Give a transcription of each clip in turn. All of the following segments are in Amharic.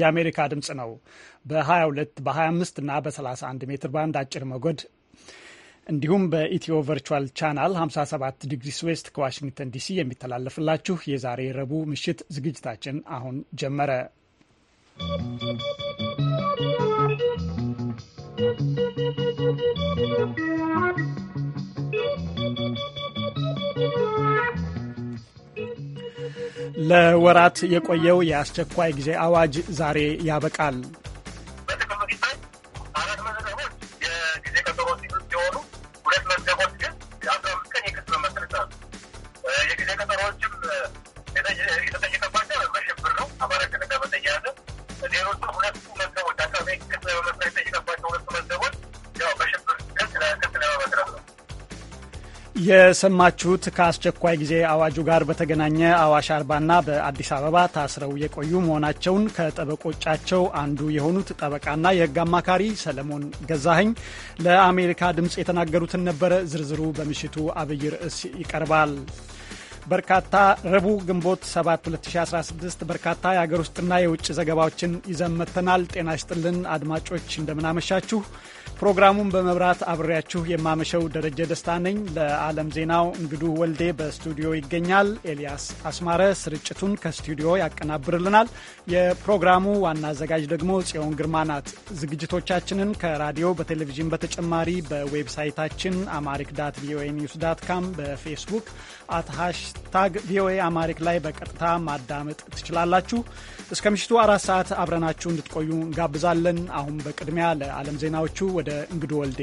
የአሜሪካ ድምፅ ነው። በ22 በ25 እና በ31 ሜትር ባንድ አጭር ሞገድ እንዲሁም በኢትዮ ቨርቹዋል ቻናል 57 ዲግሪስ ዌስት ከዋሽንግተን ዲሲ የሚተላለፍላችሁ የዛሬ ረቡዕ ምሽት ዝግጅታችን አሁን ጀመረ። ለወራት የቆየው የአስቸኳይ ጊዜ አዋጅ ዛሬ ያበቃል። የሰማችሁት ከአስቸኳይ ጊዜ አዋጁ ጋር በተገናኘ አዋሽ አርባና በአዲስ አበባ ታስረው የቆዩ መሆናቸውን ከጠበቆቻቸው አንዱ የሆኑት ጠበቃና የሕግ አማካሪ ሰለሞን ገዛኸኝ ለአሜሪካ ድምፅ የተናገሩትን ነበረ። ዝርዝሩ በምሽቱ አብይ ርዕስ ይቀርባል። በርካታ ረቡዕ ግንቦት 7 2016 በርካታ የአገር ውስጥና የውጭ ዘገባዎችን ይዘን መጥተናል። ጤና ይስጥልን አድማጮች እንደምናመሻችሁ። ፕሮግራሙን በመብራት አብሬያችሁ የማመሸው ደረጀ ደስታ ነኝ። ለዓለም ዜናው እንግዱ ወልዴ በስቱዲዮ ይገኛል። ኤልያስ አስማረ ስርጭቱን ከስቱዲዮ ያቀናብርልናል። የፕሮግራሙ ዋና አዘጋጅ ደግሞ ጽዮን ግርማ ናት። ዝግጅቶቻችንን ከራዲዮ በቴሌቪዥን በተጨማሪ በዌብሳይታችን አማሪክ ዳት ቪኦኤ ኒውስ ዳት ካም በፌስቡክ አትሃሽ ሃሽታግ ቪኦኤ አማሪክ ላይ በቀጥታ ማዳመጥ ትችላላችሁ። እስከ ምሽቱ አራት ሰዓት አብረናችሁ እንድትቆዩ እንጋብዛለን። አሁን በቅድሚያ ለዓለም ዜናዎቹ ወደ እንግዱ ወልዴ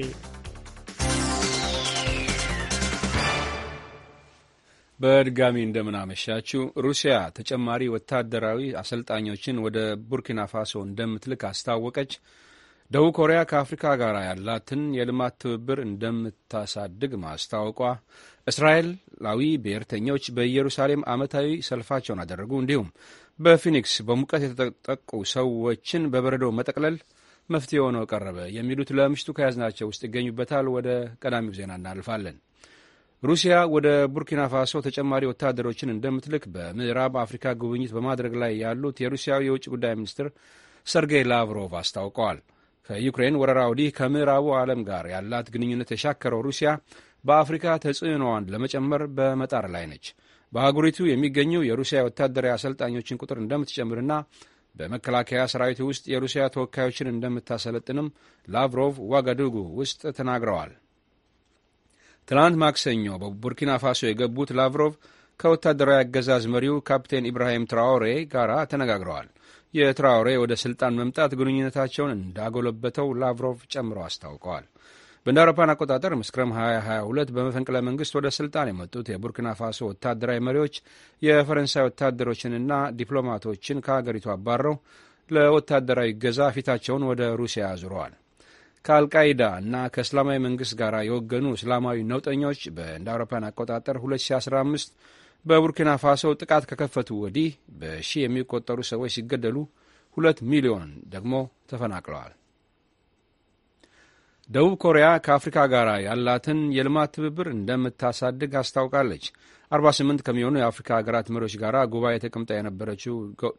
በድጋሚ እንደምናመሻችሁ። ሩሲያ ተጨማሪ ወታደራዊ አሰልጣኞችን ወደ ቡርኪና ፋሶ እንደምትልክ አስታወቀች። ደቡብ ኮሪያ ከአፍሪካ ጋር ያላትን የልማት ትብብር እንደምታሳድግ ማስታወቋ፣ እስራኤላዊ ብሔርተኞች በኢየሩሳሌም ዓመታዊ ሰልፋቸውን አደረጉ፣ እንዲሁም በፊኒክስ በሙቀት የተጠቁ ሰዎችን በበረዶ መጠቅለል መፍትሄ ሆኖ ቀረበ የሚሉት ለምሽቱ ከያዝናቸው ውስጥ ይገኙበታል። ወደ ቀዳሚው ዜና እናልፋለን። ሩሲያ ወደ ቡርኪና ፋሶ ተጨማሪ ወታደሮችን እንደምትልክ በምዕራብ አፍሪካ ጉብኝት በማድረግ ላይ ያሉት የሩሲያው የውጭ ጉዳይ ሚኒስትር ሰርጌይ ላቭሮቭ አስታውቀዋል። ከዩክሬን ወረራ ወዲህ ከምዕራቡ ዓለም ጋር ያላት ግንኙነት የሻከረው ሩሲያ በአፍሪካ ተጽዕኖዋን ለመጨመር በመጣር ላይ ነች። በአህጉሪቱ የሚገኙ የሩሲያ ወታደራዊ አሰልጣኞችን ቁጥር እንደምትጨምርና በመከላከያ ሰራዊት ውስጥ የሩሲያ ተወካዮችን እንደምታሰለጥንም ላቭሮቭ ዋጋዱጉ ውስጥ ተናግረዋል። ትናንት ማክሰኞ በቡርኪና ፋሶ የገቡት ላቭሮቭ ከወታደራዊ አገዛዝ መሪው ካፕቴን ኢብራሂም ትራኦሬ ጋር ተነጋግረዋል። የትራውሬ ወደ ስልጣን መምጣት ግንኙነታቸውን እንዳጎለበተው ላቭሮቭ ጨምረው አስታውቀዋል። በእንደ አውሮፓን አቆጣጠር መስከረም 2022 በመፈንቅለ መንግስት ወደ ስልጣን የመጡት የቡርኪና ፋሶ ወታደራዊ መሪዎች የፈረንሳይ ወታደሮችንና ዲፕሎማቶችን ከሀገሪቱ አባረው ለወታደራዊ ገዛ ፊታቸውን ወደ ሩሲያ አዙረዋል። ከአልቃይዳ እና ከእስላማዊ መንግስት ጋር የወገኑ እስላማዊ ነውጠኞች በእንደ አውሮፓን አቆጣጠር 2015 በቡርኪና ፋሶ ጥቃት ከከፈቱ ወዲህ በሺህ የሚቆጠሩ ሰዎች ሲገደሉ ሁለት ሚሊዮን ደግሞ ተፈናቅለዋል። ደቡብ ኮሪያ ከአፍሪካ ጋር ያላትን የልማት ትብብር እንደምታሳድግ አስታውቃለች። 48 ከሚሆኑ የአፍሪካ ሀገራት መሪዎች ጋር ጉባኤ ተቀምጣ የነበረችው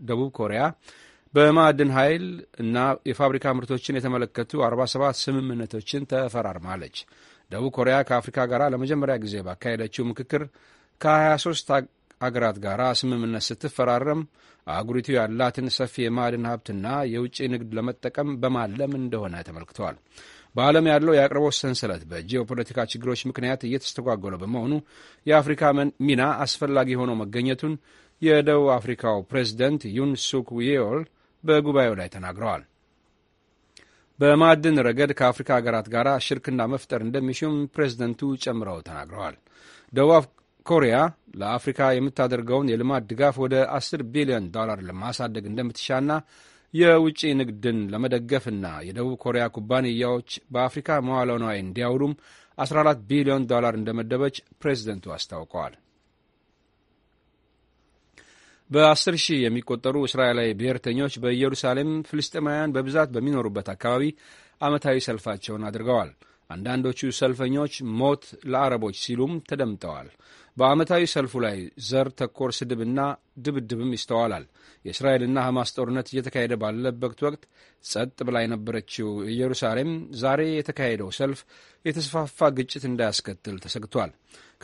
ደቡብ ኮሪያ በማዕድን ኃይል እና የፋብሪካ ምርቶችን የተመለከቱ 47 ስምምነቶችን ተፈራርማለች። ደቡብ ኮሪያ ከአፍሪካ ጋር ለመጀመሪያ ጊዜ ባካሄደችው ምክክር ከ23 አገራት ጋር ስምምነት ስትፈራረም አህጉሪቱ ያላትን ሰፊ የማዕድን ሀብትና የውጭ ንግድ ለመጠቀም በማለም እንደሆነ ተመልክተዋል። በዓለም ያለው የአቅርቦት ሰንሰለት በጂኦፖለቲካ ችግሮች ምክንያት እየተስተጓጎለ በመሆኑ የአፍሪካ ሚና አስፈላጊ ሆኖ መገኘቱን የደቡብ አፍሪካው ፕሬዚደንት ዩን ሱክ ዌዮል በጉባኤው ላይ ተናግረዋል። በማዕድን ረገድ ከአፍሪካ ሀገራት ጋር ሽርክና መፍጠር እንደሚሹም ፕሬዝደንቱ ጨምረው ተናግረዋል። ደቡብ ኮሪያ ለአፍሪካ የምታደርገውን የልማት ድጋፍ ወደ 10 ቢሊዮን ዶላር ለማሳደግ እንደምትሻና የውጭ ንግድን ለመደገፍና የደቡብ ኮሪያ ኩባንያዎች በአፍሪካ መዋዕለ ንዋይ እንዲያውሉም 14 ቢሊዮን ዶላር እንደመደበች ፕሬዚደንቱ አስታውቀዋል። በ10 ሺህ የሚቆጠሩ እስራኤላዊ ብሔርተኞች በኢየሩሳሌም ፍልስጤማውያን በብዛት በሚኖሩበት አካባቢ ዓመታዊ ሰልፋቸውን አድርገዋል። አንዳንዶቹ ሰልፈኞች ሞት ለአረቦች ሲሉም ተደምጠዋል። በዓመታዊ ሰልፉ ላይ ዘር ተኮር ስድብና ድብድብም ይስተዋላል። የእስራኤልና ሐማስ ጦርነት እየተካሄደ ባለበት ወቅት ጸጥ ብላ የነበረችው ኢየሩሳሌም ዛሬ የተካሄደው ሰልፍ የተስፋፋ ግጭት እንዳያስከትል ተሰግቷል።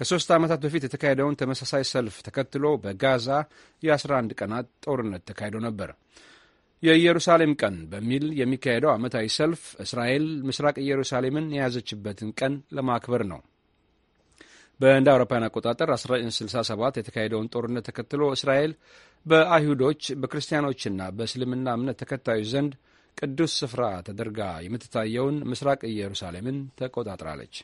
ከሦስት ዓመታት በፊት የተካሄደውን ተመሳሳይ ሰልፍ ተከትሎ በጋዛ የ11 ቀናት ጦርነት ተካሂዶ ነበር። የኢየሩሳሌም ቀን በሚል የሚካሄደው ዓመታዊ ሰልፍ እስራኤል ምስራቅ ኢየሩሳሌምን የያዘችበትን ቀን ለማክበር ነው። በእንደ አውሮፓውያን አቆጣጠር 1967 የተካሄደውን ጦርነት ተከትሎ እስራኤል በአይሁዶች በክርስቲያኖችና በእስልምና እምነት ተከታዮች ዘንድ ቅዱስ ስፍራ ተደርጋ የምትታየውን ምስራቅ ኢየሩሳሌምን ተቆጣጥራለች።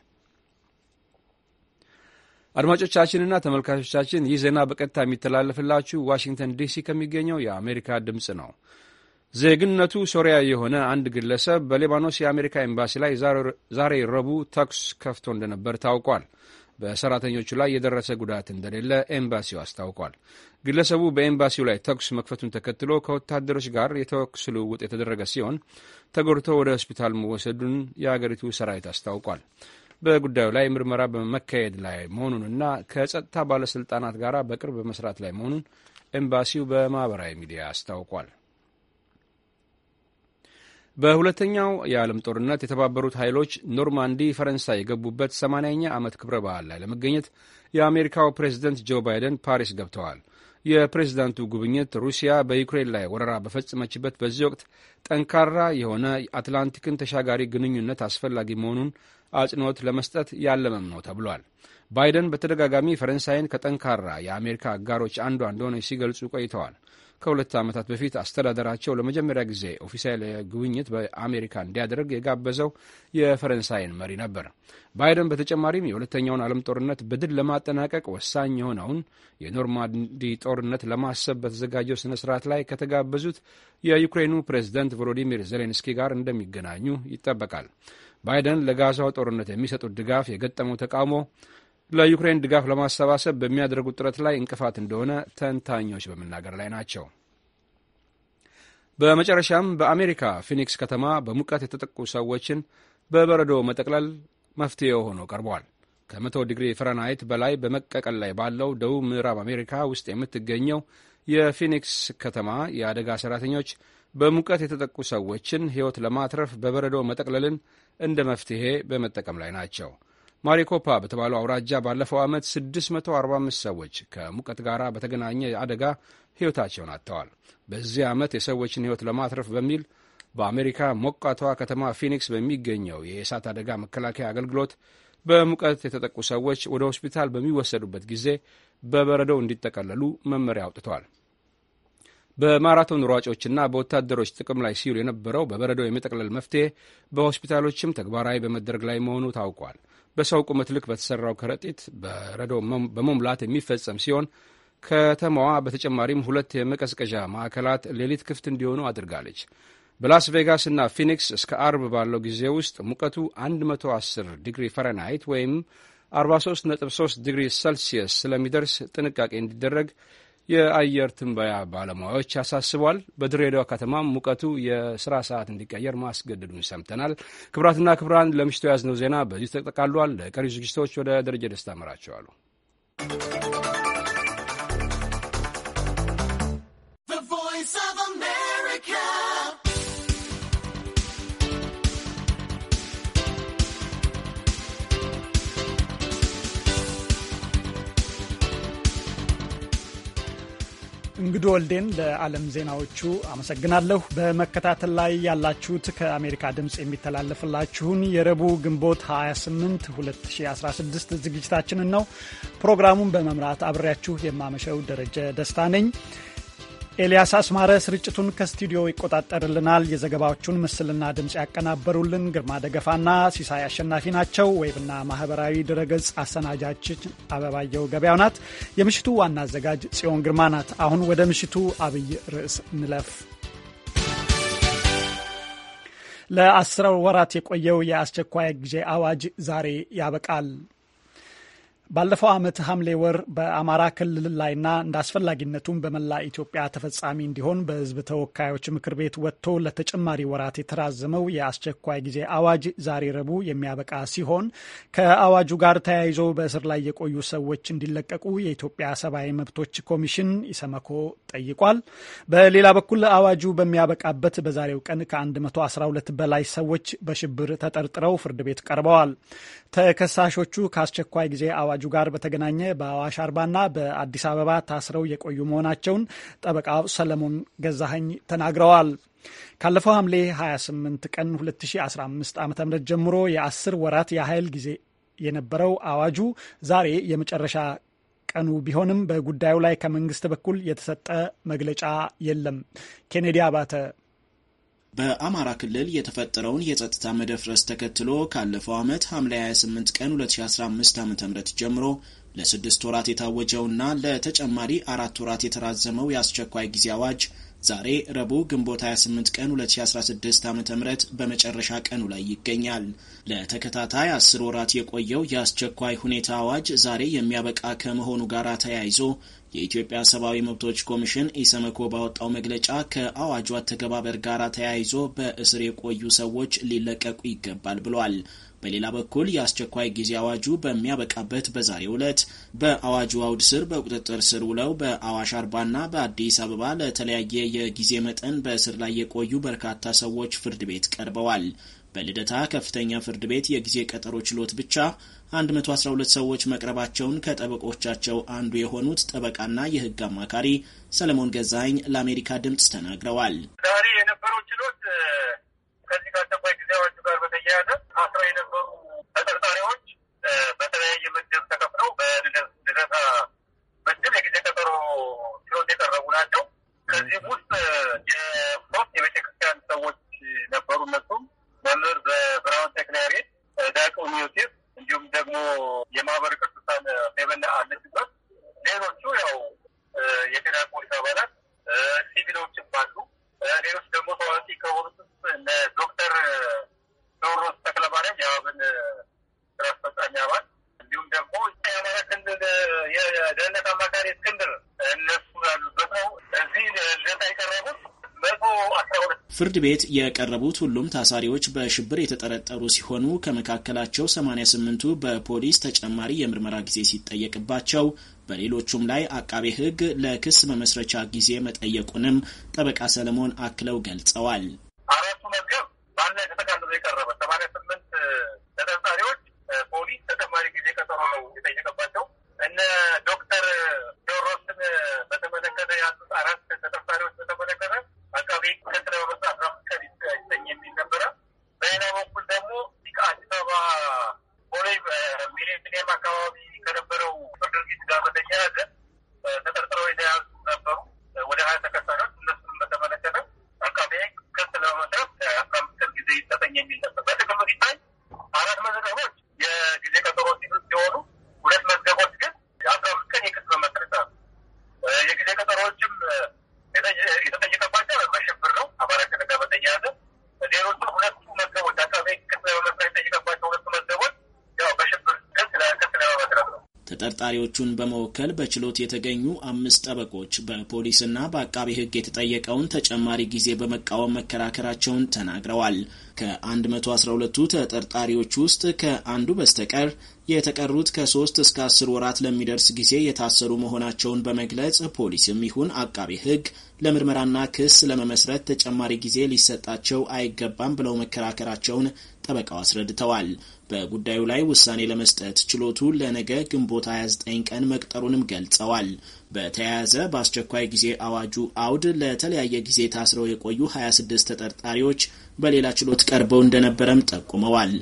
አድማጮቻችንና ተመልካቾቻችን ይህ ዜና በቀጥታ የሚተላለፍላችሁ ዋሽንግተን ዲሲ ከሚገኘው የአሜሪካ ድምፅ ነው። ዜግነቱ ሶሪያ የሆነ አንድ ግለሰብ በሌባኖስ የአሜሪካ ኤምባሲ ላይ ዛሬ ረቡዕ ተኩስ ከፍቶ እንደነበር ታውቋል። በሰራተኞቹ ላይ የደረሰ ጉዳት እንደሌለ ኤምባሲው አስታውቋል። ግለሰቡ በኤምባሲው ላይ ተኩስ መክፈቱን ተከትሎ ከወታደሮች ጋር የተኩስ ልውውጥ የተደረገ ሲሆን ተጎድቶ ወደ ሆስፒታል መወሰዱን የአገሪቱ ሰራዊት አስታውቋል። በጉዳዩ ላይ ምርመራ በመካሄድ ላይ መሆኑንና ከጸጥታ ባለሥልጣናት ጋር በቅርብ በመስራት ላይ መሆኑን ኤምባሲው በማኅበራዊ ሚዲያ አስታውቋል። በሁለተኛው የዓለም ጦርነት የተባበሩት ኃይሎች ኖርማንዲ ፈረንሳይ የገቡበት 80ኛ ዓመት ክብረ በዓል ላይ ለመገኘት የአሜሪካው ፕሬዝደንት ጆ ባይደን ፓሪስ ገብተዋል። የፕሬዚዳንቱ ጉብኝት ሩሲያ በዩክሬን ላይ ወረራ በፈጸመችበት በዚህ ወቅት ጠንካራ የሆነ አትላንቲክን ተሻጋሪ ግንኙነት አስፈላጊ መሆኑን አጽንኦት ለመስጠት ያለመም ነው ተብሏል። ባይደን በተደጋጋሚ ፈረንሳይን ከጠንካራ የአሜሪካ አጋሮች አንዷ እንደሆነች ሲገልጹ ቆይተዋል። ከሁለት ዓመታት በፊት አስተዳደራቸው ለመጀመሪያ ጊዜ ኦፊሴል ጉብኝት በአሜሪካ እንዲያደርግ የጋበዘው የፈረንሳይን መሪ ነበር። ባይደን በተጨማሪም የሁለተኛውን ዓለም ጦርነት በድል ለማጠናቀቅ ወሳኝ የሆነውን የኖርማንዲ ጦርነት ለማሰብ በተዘጋጀው ስነ ስርዓት ላይ ከተጋበዙት የዩክሬኑ ፕሬዝደንት ቮሎዲሚር ዜሌንስኪ ጋር እንደሚገናኙ ይጠበቃል። ባይደን ለጋዛው ጦርነት የሚሰጡት ድጋፍ የገጠመው ተቃውሞ ለዩክሬን ድጋፍ ለማሰባሰብ በሚያደርጉት ጥረት ላይ እንቅፋት እንደሆነ ተንታኞች በመናገር ላይ ናቸው። በመጨረሻም በአሜሪካ ፊኒክስ ከተማ በሙቀት የተጠቁ ሰዎችን በበረዶ መጠቅለል መፍትሄ ሆኖ ቀርቧል። ከመቶ ዲግሪ ፈረናይት በላይ በመቀቀል ላይ ባለው ደቡብ ምዕራብ አሜሪካ ውስጥ የምትገኘው የፊኒክስ ከተማ የአደጋ ሠራተኞች በሙቀት የተጠቁ ሰዎችን ሕይወት ለማትረፍ በበረዶ መጠቅለልን እንደ መፍትሄ በመጠቀም ላይ ናቸው። ማሪኮፓ በተባለው አውራጃ ባለፈው ዓመት 645 ሰዎች ከሙቀት ጋር በተገናኘ አደጋ ሕይወታቸውን አጥተዋል። በዚህ ዓመት የሰዎችን ሕይወት ለማትረፍ በሚል በአሜሪካ ሞቃቷ ከተማ ፊኒክስ በሚገኘው የእሳት አደጋ መከላከያ አገልግሎት በሙቀት የተጠቁ ሰዎች ወደ ሆስፒታል በሚወሰዱበት ጊዜ በበረዶው እንዲጠቀለሉ መመሪያ አውጥተዋል። በማራቶን ሯጮችና በወታደሮች ጥቅም ላይ ሲውል የነበረው በበረዶ የመጠቅለል መፍትሄ በሆስፒታሎችም ተግባራዊ በመደረግ ላይ መሆኑ ታውቋል። በሰው ቁመት ልክ በተሰራው ከረጢት በረዶ በመሙላት የሚፈጸም ሲሆን ከተማዋ በተጨማሪም ሁለት የመቀዝቀዣ ማዕከላት ሌሊት ክፍት እንዲሆኑ አድርጋለች። በላስ ቬጋስ እና ፊኒክስ እስከ አርብ ባለው ጊዜ ውስጥ ሙቀቱ 110 ዲግሪ ፈረንሃይት ወይም 43.3 ዲግሪ ሰልሲየስ ስለሚደርስ ጥንቃቄ እንዲደረግ የአየር ትንበያ ባለሙያዎች አሳስቧል። በድሬዳዋ ከተማም ሙቀቱ የስራ ሰዓት እንዲቀየር ማስገደዱን ሰምተናል። ክቡራትና ክቡራን ለምሽቱ የያዝነው ዜና በዚሁ ተጠቃሏል። ለቀሪ ዝግጅቶች ወደ ደረጀ ደስታ መራቸዋሉ። እንግዶ ወልዴን ለዓለም ዜናዎቹ አመሰግናለሁ። በመከታተል ላይ ያላችሁት ከአሜሪካ ድምፅ የሚተላለፍላችሁን የረቡዕ ግንቦት 28 2016 ዝግጅታችንን ነው። ፕሮግራሙን በመምራት አብሬያችሁ የማመሸው ደረጀ ደስታ ነኝ። ኤልያስ አስማረ ስርጭቱን ከስቱዲዮ ይቆጣጠርልናል። የዘገባዎቹን ምስልና ድምፅ ያቀናበሩልን ግርማ ደገፋና ሲሳይ አሸናፊ ናቸው። ዌብና ማህበራዊ ድረገጽ አሰናጃችን አበባየው ገበያው ናት። የምሽቱ ዋና አዘጋጅ ጽዮን ግርማ ናት። አሁን ወደ ምሽቱ አብይ ርዕስ እንለፍ። ለአስር ወራት የቆየው የአስቸኳይ ጊዜ አዋጅ ዛሬ ያበቃል። ባለፈው ዓመት ሐምሌ ወር በአማራ ክልል ላይና እንደ አስፈላጊነቱም በመላ ኢትዮጵያ ተፈጻሚ እንዲሆን በሕዝብ ተወካዮች ምክር ቤት ወጥቶ ለተጨማሪ ወራት የተራዘመው የአስቸኳይ ጊዜ አዋጅ ዛሬ ረቡዕ የሚያበቃ ሲሆን ከአዋጁ ጋር ተያይዞ በእስር ላይ የቆዩ ሰዎች እንዲለቀቁ የኢትዮጵያ ሰብአዊ መብቶች ኮሚሽን ኢሰመኮ ጠይቋል። በሌላ በኩል አዋጁ በሚያበቃበት በዛሬው ቀን ከ112 በላይ ሰዎች በሽብር ተጠርጥረው ፍርድ ቤት ቀርበዋል። ተከሳሾቹ ከአስቸኳይ ጊዜ አዋጁ ከግዳጁ ጋር በተገናኘ በአዋሽ አርባና በአዲስ አበባ ታስረው የቆዩ መሆናቸውን ጠበቃው ሰለሞን ገዛኸኝ ተናግረዋል። ካለፈው ሐምሌ 28 ቀን 2015 ዓ ም ጀምሮ የ10 ወራት የኃይል ጊዜ የነበረው አዋጁ ዛሬ የመጨረሻ ቀኑ ቢሆንም በጉዳዩ ላይ ከመንግስት በኩል የተሰጠ መግለጫ የለም። ኬኔዲ አባተ በአማራ ክልል የተፈጠረውን የጸጥታ መደፍረስ ተከትሎ ካለፈው ዓመት ሐምሌ 28 ቀን 2015 ዓ ም ጀምሮ ለስድስት ወራት የታወጀውና ለተጨማሪ አራት ወራት የተራዘመው የአስቸኳይ ጊዜ አዋጅ ዛሬ ረቡዕ ግንቦት 28 ቀን 2016 ዓ ም በመጨረሻ ቀኑ ላይ ይገኛል። ለተከታታይ አስር ወራት የቆየው የአስቸኳይ ሁኔታ አዋጅ ዛሬ የሚያበቃ ከመሆኑ ጋር ተያይዞ የኢትዮጵያ ሰብአዊ መብቶች ኮሚሽን ኢሰመኮ ባወጣው መግለጫ ከአዋጁ አተገባበር ጋር ተያይዞ በእስር የቆዩ ሰዎች ሊለቀቁ ይገባል ብሏል። በሌላ በኩል የአስቸኳይ ጊዜ አዋጁ በሚያበቃበት በዛሬው ዕለት በአዋጁ አውድ ስር በቁጥጥር ስር ውለው በአዋሽ አርባና በአዲስ አበባ ለተለያየ የጊዜ መጠን በእስር ላይ የቆዩ በርካታ ሰዎች ፍርድ ቤት ቀርበዋል። በልደታ ከፍተኛ ፍርድ ቤት የጊዜ ቀጠሮ ችሎት ብቻ 112 ሰዎች መቅረባቸውን ከጠበቆቻቸው አንዱ የሆኑት ጠበቃና የሕግ አማካሪ ሰለሞን ገዛኝ ለአሜሪካ ድምፅ ተናግረዋል። ዛሬ የነበረው ችሎት ከዚህ ከአስቸኳይ ጊዜ አዋጁ ጋር በተያያዘ አስራ የነበሩ ተጠርጣሪዎች በተለያየ ምድብ ተከፍለው በልደታ ምድብ የጊዜ ቀጠሮ ችሎት የቀረቡ ናቸው። ከዚህም ውስጥ የሶስት የቤተክርስቲያን ሰዎች ነበሩ እነሱም መምህር በብርሃኑ ተክለያሬድ፣ ዲያቆን ዮሴፍ እንዲሁም ደግሞ የማህበር ቅዱሳን ፌበና አለችበት ሌሎቹ ያው የፌራ ፖሊስ አባላት ሲቪሎችም አሉ። ሌሎች ደግሞ ታዋቂ ከሆኑት እነ ዶክተር ቴዎድሮስ ተክለማርያም የአብን ስራ አስፈጻሚ አባል እንዲሁም ደግሞ የአማራ ክልል የደህንነት አማካሪ እስክንድር እነሱ ያሉበት ነው። እዚህ ልደታ የቀረቡት ፍርድ ቤት የቀረቡት ሁሉም ታሳሪዎች በሽብር የተጠረጠሩ ሲሆኑ ከመካከላቸው 88ቱ በፖሊስ ተጨማሪ የምርመራ ጊዜ ሲጠየቅባቸው በሌሎቹም ላይ አቃቤ ሕግ ለክስ መመስረቻ ጊዜ መጠየቁንም ጠበቃ ሰለሞን አክለው ገልጸዋል። አራቱ መዝገብ በአንድ ላይ ተጠቃልሎ የቀረበ 88 ተጠርጣሪዎች ፖሊስ ተጨማሪ ጊዜ ቀጠሮ ነው የጠየቀባቸው። እነ ዶክተር ቴዎድሮስን በተመለከተ ያሉት አራት ተጠርጣሪዎች በተመለከተ አካባቢ ከስራ በመጣ አስራ አምስት ቀን ይሰኝ የሚል ነበረ። በሌላ በኩል ደግሞ አዲስ አበባ ኮሌጅ ሚሌኒየም አካባቢ ተጠርጣሪዎቹን በመወከል በችሎት የተገኙ አምስት ጠበቆች በፖሊስና በአቃቤ ሕግ የተጠየቀውን ተጨማሪ ጊዜ በመቃወም መከራከራቸውን ተናግረዋል። ከ112ቱ ተጠርጣሪዎች ውስጥ ከአንዱ በስተቀር የተቀሩት ከሶስት እስከ 10 ወራት ለሚደርስ ጊዜ የታሰሩ መሆናቸውን በመግለጽ ፖሊስም ይሁን አቃቤ ሕግ ለምርመራና ክስ ለመመስረት ተጨማሪ ጊዜ ሊሰጣቸው አይገባም ብለው መከራከራቸውን ጠበቃው አስረድተዋል። በጉዳዩ ላይ ውሳኔ ለመስጠት ችሎቱ ለነገ ግንቦት 29 ቀን መቅጠሩንም ገልጸዋል። በተያያዘ በአስቸኳይ ጊዜ አዋጁ አውድ ለተለያየ ጊዜ ታስረው የቆዩ 26 ተጠርጣሪዎች በሌላ ችሎት ቀርበው እንደነበረም ጠቁመዋል።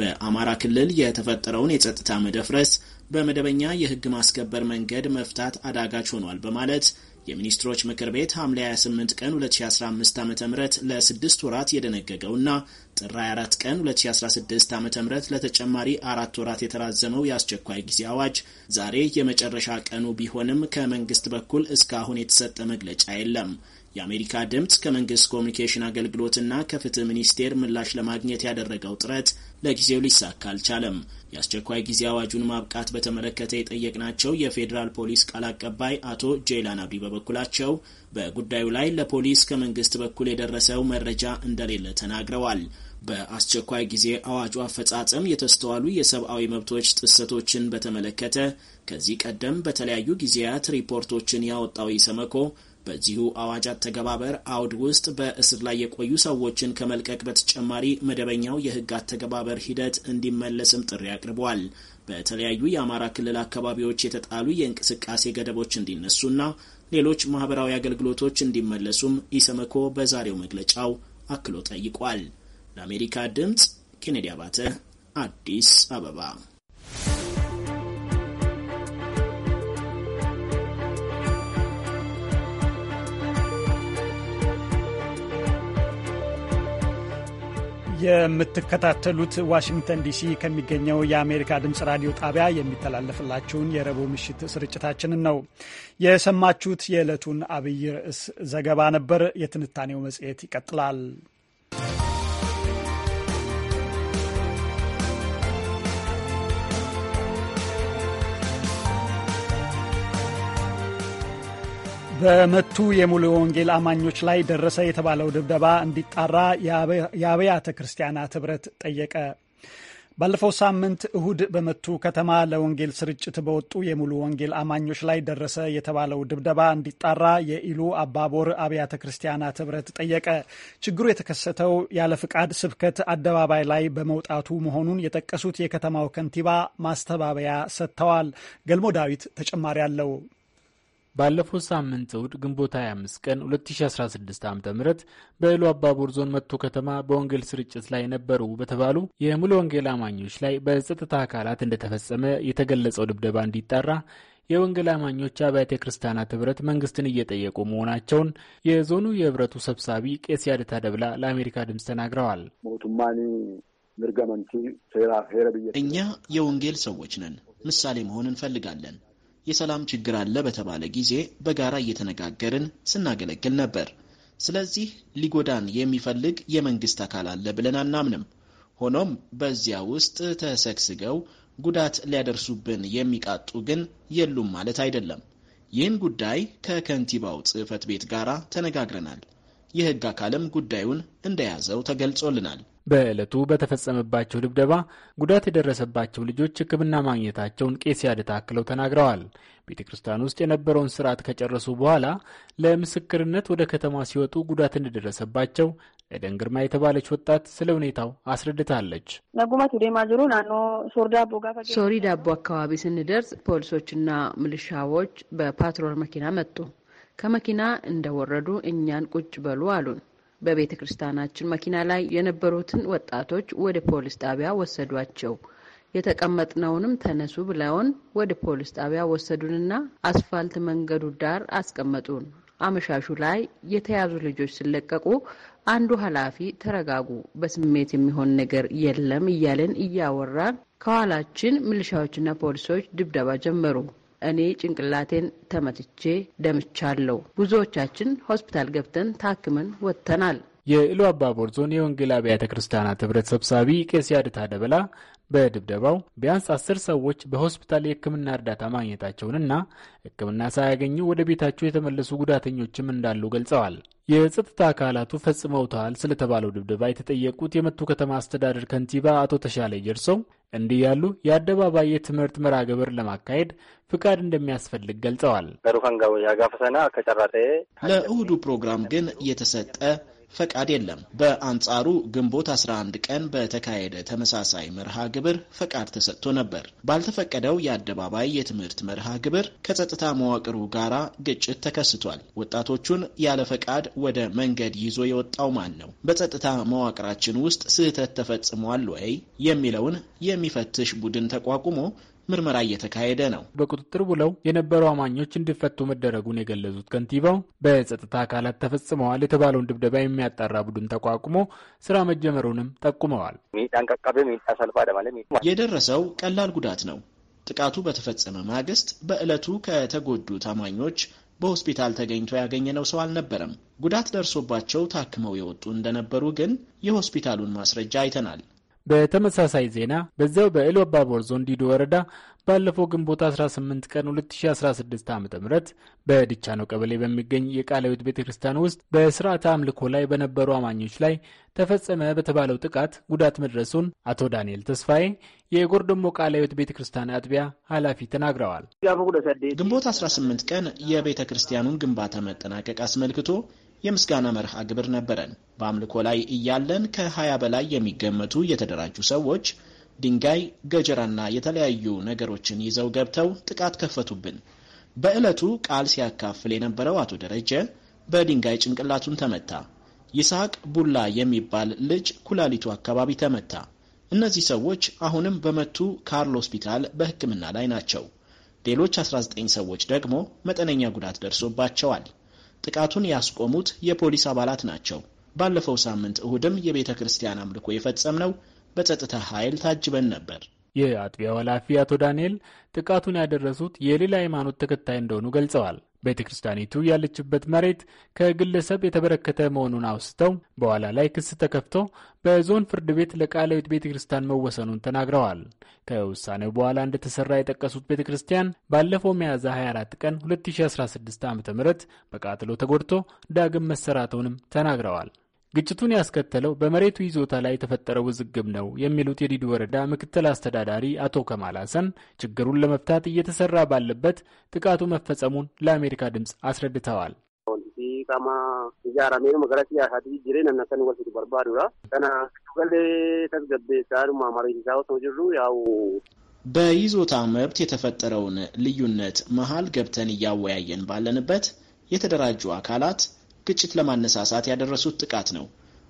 በአማራ ክልል የተፈጠረውን የጸጥታ መደፍረስ በመደበኛ የሕግ ማስከበር መንገድ መፍታት አዳጋች ሆኗል በማለት የሚኒስትሮች ምክር ቤት ሐምሌ 28 ቀን 2015 ዓ ም ለስድስት ወራት የደነገገውና ጥር 24 ቀን 2016 ዓ ም ለተጨማሪ አራት ወራት የተራዘመው የአስቸኳይ ጊዜ አዋጅ ዛሬ የመጨረሻ ቀኑ ቢሆንም ከመንግስት በኩል እስካሁን የተሰጠ መግለጫ የለም። የአሜሪካ ድምፅ ከመንግስት ኮሚኒኬሽን አገልግሎትና ከፍትህ ሚኒስቴር ምላሽ ለማግኘት ያደረገው ጥረት ለጊዜው ሊሳካ አልቻለም። የአስቸኳይ ጊዜ አዋጁን ማብቃት በተመለከተ የጠየቅናቸው የፌዴራል ፖሊስ ቃል አቀባይ አቶ ጄይላን አብዲ በበኩላቸው በጉዳዩ ላይ ለፖሊስ ከመንግስት በኩል የደረሰው መረጃ እንደሌለ ተናግረዋል። በአስቸኳይ ጊዜ አዋጁ አፈጻጸም የተስተዋሉ የሰብአዊ መብቶች ጥሰቶችን በተመለከተ ከዚህ ቀደም በተለያዩ ጊዜያት ሪፖርቶችን ያወጣው ኢሰመኮ በዚሁ አዋጅ አተገባበር አውድ ውስጥ በእስር ላይ የቆዩ ሰዎችን ከመልቀቅ በተጨማሪ መደበኛው የህግ አተገባበር ሂደት እንዲመለስም ጥሪ አቅርቧል። በተለያዩ የአማራ ክልል አካባቢዎች የተጣሉ የእንቅስቃሴ ገደቦች እንዲነሱና ሌሎች ማህበራዊ አገልግሎቶች እንዲመለሱም ኢሰመኮ በዛሬው መግለጫው አክሎ ጠይቋል። ለአሜሪካ ድምፅ ኬኔዲ አባተ አዲስ አበባ የምትከታተሉት ዋሽንግተን ዲሲ ከሚገኘው የአሜሪካ ድምፅ ራዲዮ ጣቢያ የሚተላለፍላችሁን የረቡዕ ምሽት ስርጭታችንን ነው የሰማችሁት። የዕለቱን አብይ ርዕስ ዘገባ ነበር። የትንታኔው መጽሔት ይቀጥላል። በመቱ የሙሉ ወንጌል አማኞች ላይ ደረሰ የተባለው ድብደባ እንዲጣራ የአብያተ ክርስቲያናት ህብረት ጠየቀ። ባለፈው ሳምንት እሁድ በመቱ ከተማ ለወንጌል ስርጭት በወጡ የሙሉ ወንጌል አማኞች ላይ ደረሰ የተባለው ድብደባ እንዲጣራ የኢሉ አባቦር አብያተ ክርስቲያናት ህብረት ጠየቀ። ችግሩ የተከሰተው ያለ ፍቃድ ስብከት አደባባይ ላይ በመውጣቱ መሆኑን የጠቀሱት የከተማው ከንቲባ ማስተባበያ ሰጥተዋል። ገልሞ ዳዊት ተጨማሪ አለው። ባለፈው ሳምንት እሁድ ግንቦት 25 ቀን 2016 ዓ ም በኢሉ አባቦር ዞን መቶ ከተማ በወንጌል ስርጭት ላይ ነበሩ በተባሉ የሙሉ ወንጌል አማኞች ላይ በጸጥታ አካላት እንደተፈጸመ የተገለጸው ድብደባ እንዲጣራ የወንጌል አማኞች አብያተ ክርስቲያናት ህብረት መንግስትን እየጠየቁ መሆናቸውን የዞኑ የህብረቱ ሰብሳቢ ቄስ ያደታ ደብላ ለአሜሪካ ድምፅ ተናግረዋል። እኛ የወንጌል ሰዎች ነን። ምሳሌ መሆን እንፈልጋለን። የሰላም ችግር አለ በተባለ ጊዜ በጋራ እየተነጋገርን ስናገለግል ነበር። ስለዚህ ሊጎዳን የሚፈልግ የመንግስት አካል አለ ብለን አናምንም። ሆኖም በዚያ ውስጥ ተሰግስገው ጉዳት ሊያደርሱብን የሚቃጡ ግን የሉም ማለት አይደለም። ይህን ጉዳይ ከከንቲባው ጽህፈት ቤት ጋር ተነጋግረናል። የህግ አካልም ጉዳዩን እንደያዘው ተገልጾልናል። በዕለቱ በተፈጸመባቸው ድብደባ ጉዳት የደረሰባቸው ልጆች ሕክምና ማግኘታቸውን ቄስ ያደታ አክለው ተናግረዋል። ቤተ ክርስቲያን ውስጥ የነበረውን ስርዓት ከጨረሱ በኋላ ለምስክርነት ወደ ከተማ ሲወጡ ጉዳት እንደደረሰባቸው ኤደን ግርማ የተባለች ወጣት ስለ ሁኔታው አስረድታለች። ሶሪ ዳቦ አካባቢ ስንደርስ ፖሊሶችና ምልሻዎች በፓትሮል መኪና መጡ። ከመኪና እንደወረዱ እኛን ቁጭ በሉ አሉን። በቤተ ክርስቲያናችን መኪና ላይ የነበሩትን ወጣቶች ወደ ፖሊስ ጣቢያ ወሰዷቸው። የተቀመጥነውንም ተነሱ ብለውን ወደ ፖሊስ ጣቢያ ወሰዱንና አስፋልት መንገዱ ዳር አስቀመጡን። አመሻሹ ላይ የተያዙ ልጆች ሲለቀቁ አንዱ ኃላፊ ተረጋጉ፣ በስሜት የሚሆን ነገር የለም እያለን እያወራን ከኋላችን ሚሊሻዎችና ፖሊሶች ድብደባ ጀመሩ። እኔ ጭንቅላቴን ተመትቼ ደምቻለሁ። ብዙዎቻችን ሆስፒታል ገብተን ታክመን ወጥተናል። የኢሉ አባቦር ዞን የወንጌል አብያተ ክርስቲያናት ህብረት ሰብሳቢ ቄስ ያድታ ደበላ በድብደባው ቢያንስ አስር ሰዎች በሆስፒታል የሕክምና እርዳታ ማግኘታቸውንና ሕክምና ሳያገኙ ወደ ቤታቸው የተመለሱ ጉዳተኞችም እንዳሉ ገልጸዋል። የጸጥታ አካላቱ ፈጽመውተዋል ስለተባለው ድብደባ የተጠየቁት የመቱ ከተማ አስተዳደር ከንቲባ አቶ ተሻለ ጀርሰው እንዲህ ያሉ የአደባባይ የትምህርት መርሃ ግብር ለማካሄድ ፍቃድ እንደሚያስፈልግ ገልጸዋል። ለእሁዱ ፕሮግራም ግን የተሰጠ ፈቃድ የለም። በአንጻሩ ግንቦት 11 ቀን በተካሄደ ተመሳሳይ መርሃ ግብር ፈቃድ ተሰጥቶ ነበር። ባልተፈቀደው የአደባባይ የትምህርት መርሃ ግብር ከጸጥታ መዋቅሩ ጋራ ግጭት ተከስቷል። ወጣቶቹን ያለ ፈቃድ ወደ መንገድ ይዞ የወጣው ማን ነው? በጸጥታ መዋቅራችን ውስጥ ስህተት ተፈጽሟል ወይ? የሚለውን የሚፈትሽ ቡድን ተቋቁሞ ምርመራ እየተካሄደ ነው። በቁጥጥር ውለው የነበሩ አማኞች እንዲፈቱ መደረጉን የገለጹት ከንቲባው በጸጥታ አካላት ተፈጽመዋል የተባለውን ድብደባ የሚያጣራ ቡድን ተቋቁሞ ስራ መጀመሩንም ጠቁመዋል። የደረሰው ቀላል ጉዳት ነው። ጥቃቱ በተፈጸመ ማግስት በዕለቱ ከተጎዱት አማኞች በሆስፒታል ተገኝቶ ያገኘነው ሰው አልነበረም። ጉዳት ደርሶባቸው ታክመው የወጡ እንደነበሩ ግን የሆስፒታሉን ማስረጃ አይተናል። በተመሳሳይ ዜና በዚያው በኢሉባቦር ዞን ዲዶ ወረዳ ባለፈው ግንቦት 18 ቀን 2016 ዓ ም በድቻኖ ቀበሌ በሚገኝ የቃለዊት ቤተ ክርስቲያን ውስጥ በስርዓተ አምልኮ ላይ በነበሩ አማኞች ላይ ተፈጸመ በተባለው ጥቃት ጉዳት መድረሱን አቶ ዳንኤል ተስፋዬ የጎርዶሞ ቃላዊት ቤተ ክርስቲያን አጥቢያ ኃላፊ ተናግረዋል። ግንቦት 18 ቀን የቤተ ክርስቲያኑን ግንባታ መጠናቀቅ አስመልክቶ የምስጋና መርሃ ግብር ነበረን። በአምልኮ ላይ እያለን ከ20 በላይ የሚገመቱ የተደራጁ ሰዎች ድንጋይ፣ ገጀራና የተለያዩ ነገሮችን ይዘው ገብተው ጥቃት ከፈቱብን። በዕለቱ ቃል ሲያካፍል የነበረው አቶ ደረጀ በድንጋይ ጭንቅላቱን ተመታ። ይስሐቅ ቡላ የሚባል ልጅ ኩላሊቱ አካባቢ ተመታ። እነዚህ ሰዎች አሁንም በመቱ ካርል ሆስፒታል በሕክምና ላይ ናቸው። ሌሎች 19 ሰዎች ደግሞ መጠነኛ ጉዳት ደርሶባቸዋል። ጥቃቱን ያስቆሙት የፖሊስ አባላት ናቸው። ባለፈው ሳምንት እሁድም የቤተ ክርስቲያን አምልኮ የፈጸምነው በጸጥታ ኃይል ታጅበን ነበር። የአጥቢያው ኃላፊ አቶ ዳንኤል ጥቃቱን ያደረሱት የሌላ ሃይማኖት ተከታይ እንደሆኑ ገልጸዋል። ቤተ ክርስቲያኒቱ ያለችበት መሬት ከግለሰብ የተበረከተ መሆኑን አውስተው በኋላ ላይ ክስ ተከፍቶ በዞን ፍርድ ቤት ለቃለዊት ቤተ ክርስቲያን መወሰኑን ተናግረዋል። ከውሳኔው በኋላ እንደተሰራ የጠቀሱት ቤተ ክርስቲያን ባለፈው ሚያዝያ 24 ቀን 2016 ዓ ም በቃጥሎ ተጎድቶ ዳግም መሰራቱንም ተናግረዋል። ግጭቱን ያስከተለው በመሬቱ ይዞታ ላይ የተፈጠረው ውዝግብ ነው የሚሉት የዲዱ ወረዳ ምክትል አስተዳዳሪ አቶ ከማል ሀሰን ችግሩን ለመፍታት እየተሰራ ባለበት ጥቃቱ መፈጸሙን ለአሜሪካ ድምፅ አስረድተዋል። በይዞታ መብት የተፈጠረውን ልዩነት መሀል ገብተን እያወያየን ባለንበት የተደራጁ አካላት ግጭት ለማነሳሳት ያደረሱት ጥቃት ነው።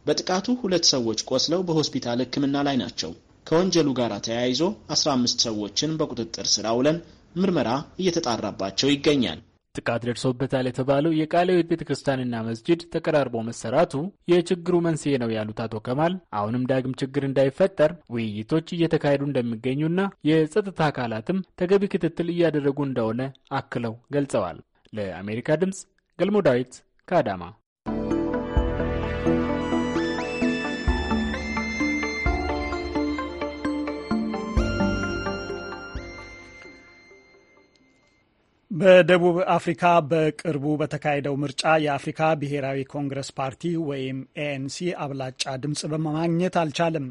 በጥቃቱ ሁለት ሰዎች ቆስለው በሆስፒታል ሕክምና ላይ ናቸው። ከወንጀሉ ጋር ተያይዞ 15 ሰዎችን በቁጥጥር ስር አውለን ምርመራ እየተጣራባቸው ይገኛል። ጥቃት ደርሶበታል የተባለው የቃለ ቤተ ክርስቲያንና መስጅድ ተቀራርቦ መሰራቱ የችግሩ መንስኤ ነው ያሉት አቶ ከማል አሁንም ዳግም ችግር እንዳይፈጠር ውይይቶች እየተካሄዱ እንደሚገኙና የጸጥታ አካላትም ተገቢ ክትትል እያደረጉ እንደሆነ አክለው ገልጸዋል። ለአሜሪካ ድምፅ ገልሞ ዳዊት ከአዳማ በደቡብ አፍሪካ በቅርቡ በተካሄደው ምርጫ የአፍሪካ ብሔራዊ ኮንግረስ ፓርቲ ወይም ኤኤንሲ አብላጫ ድምፅ በማግኘት አልቻለም።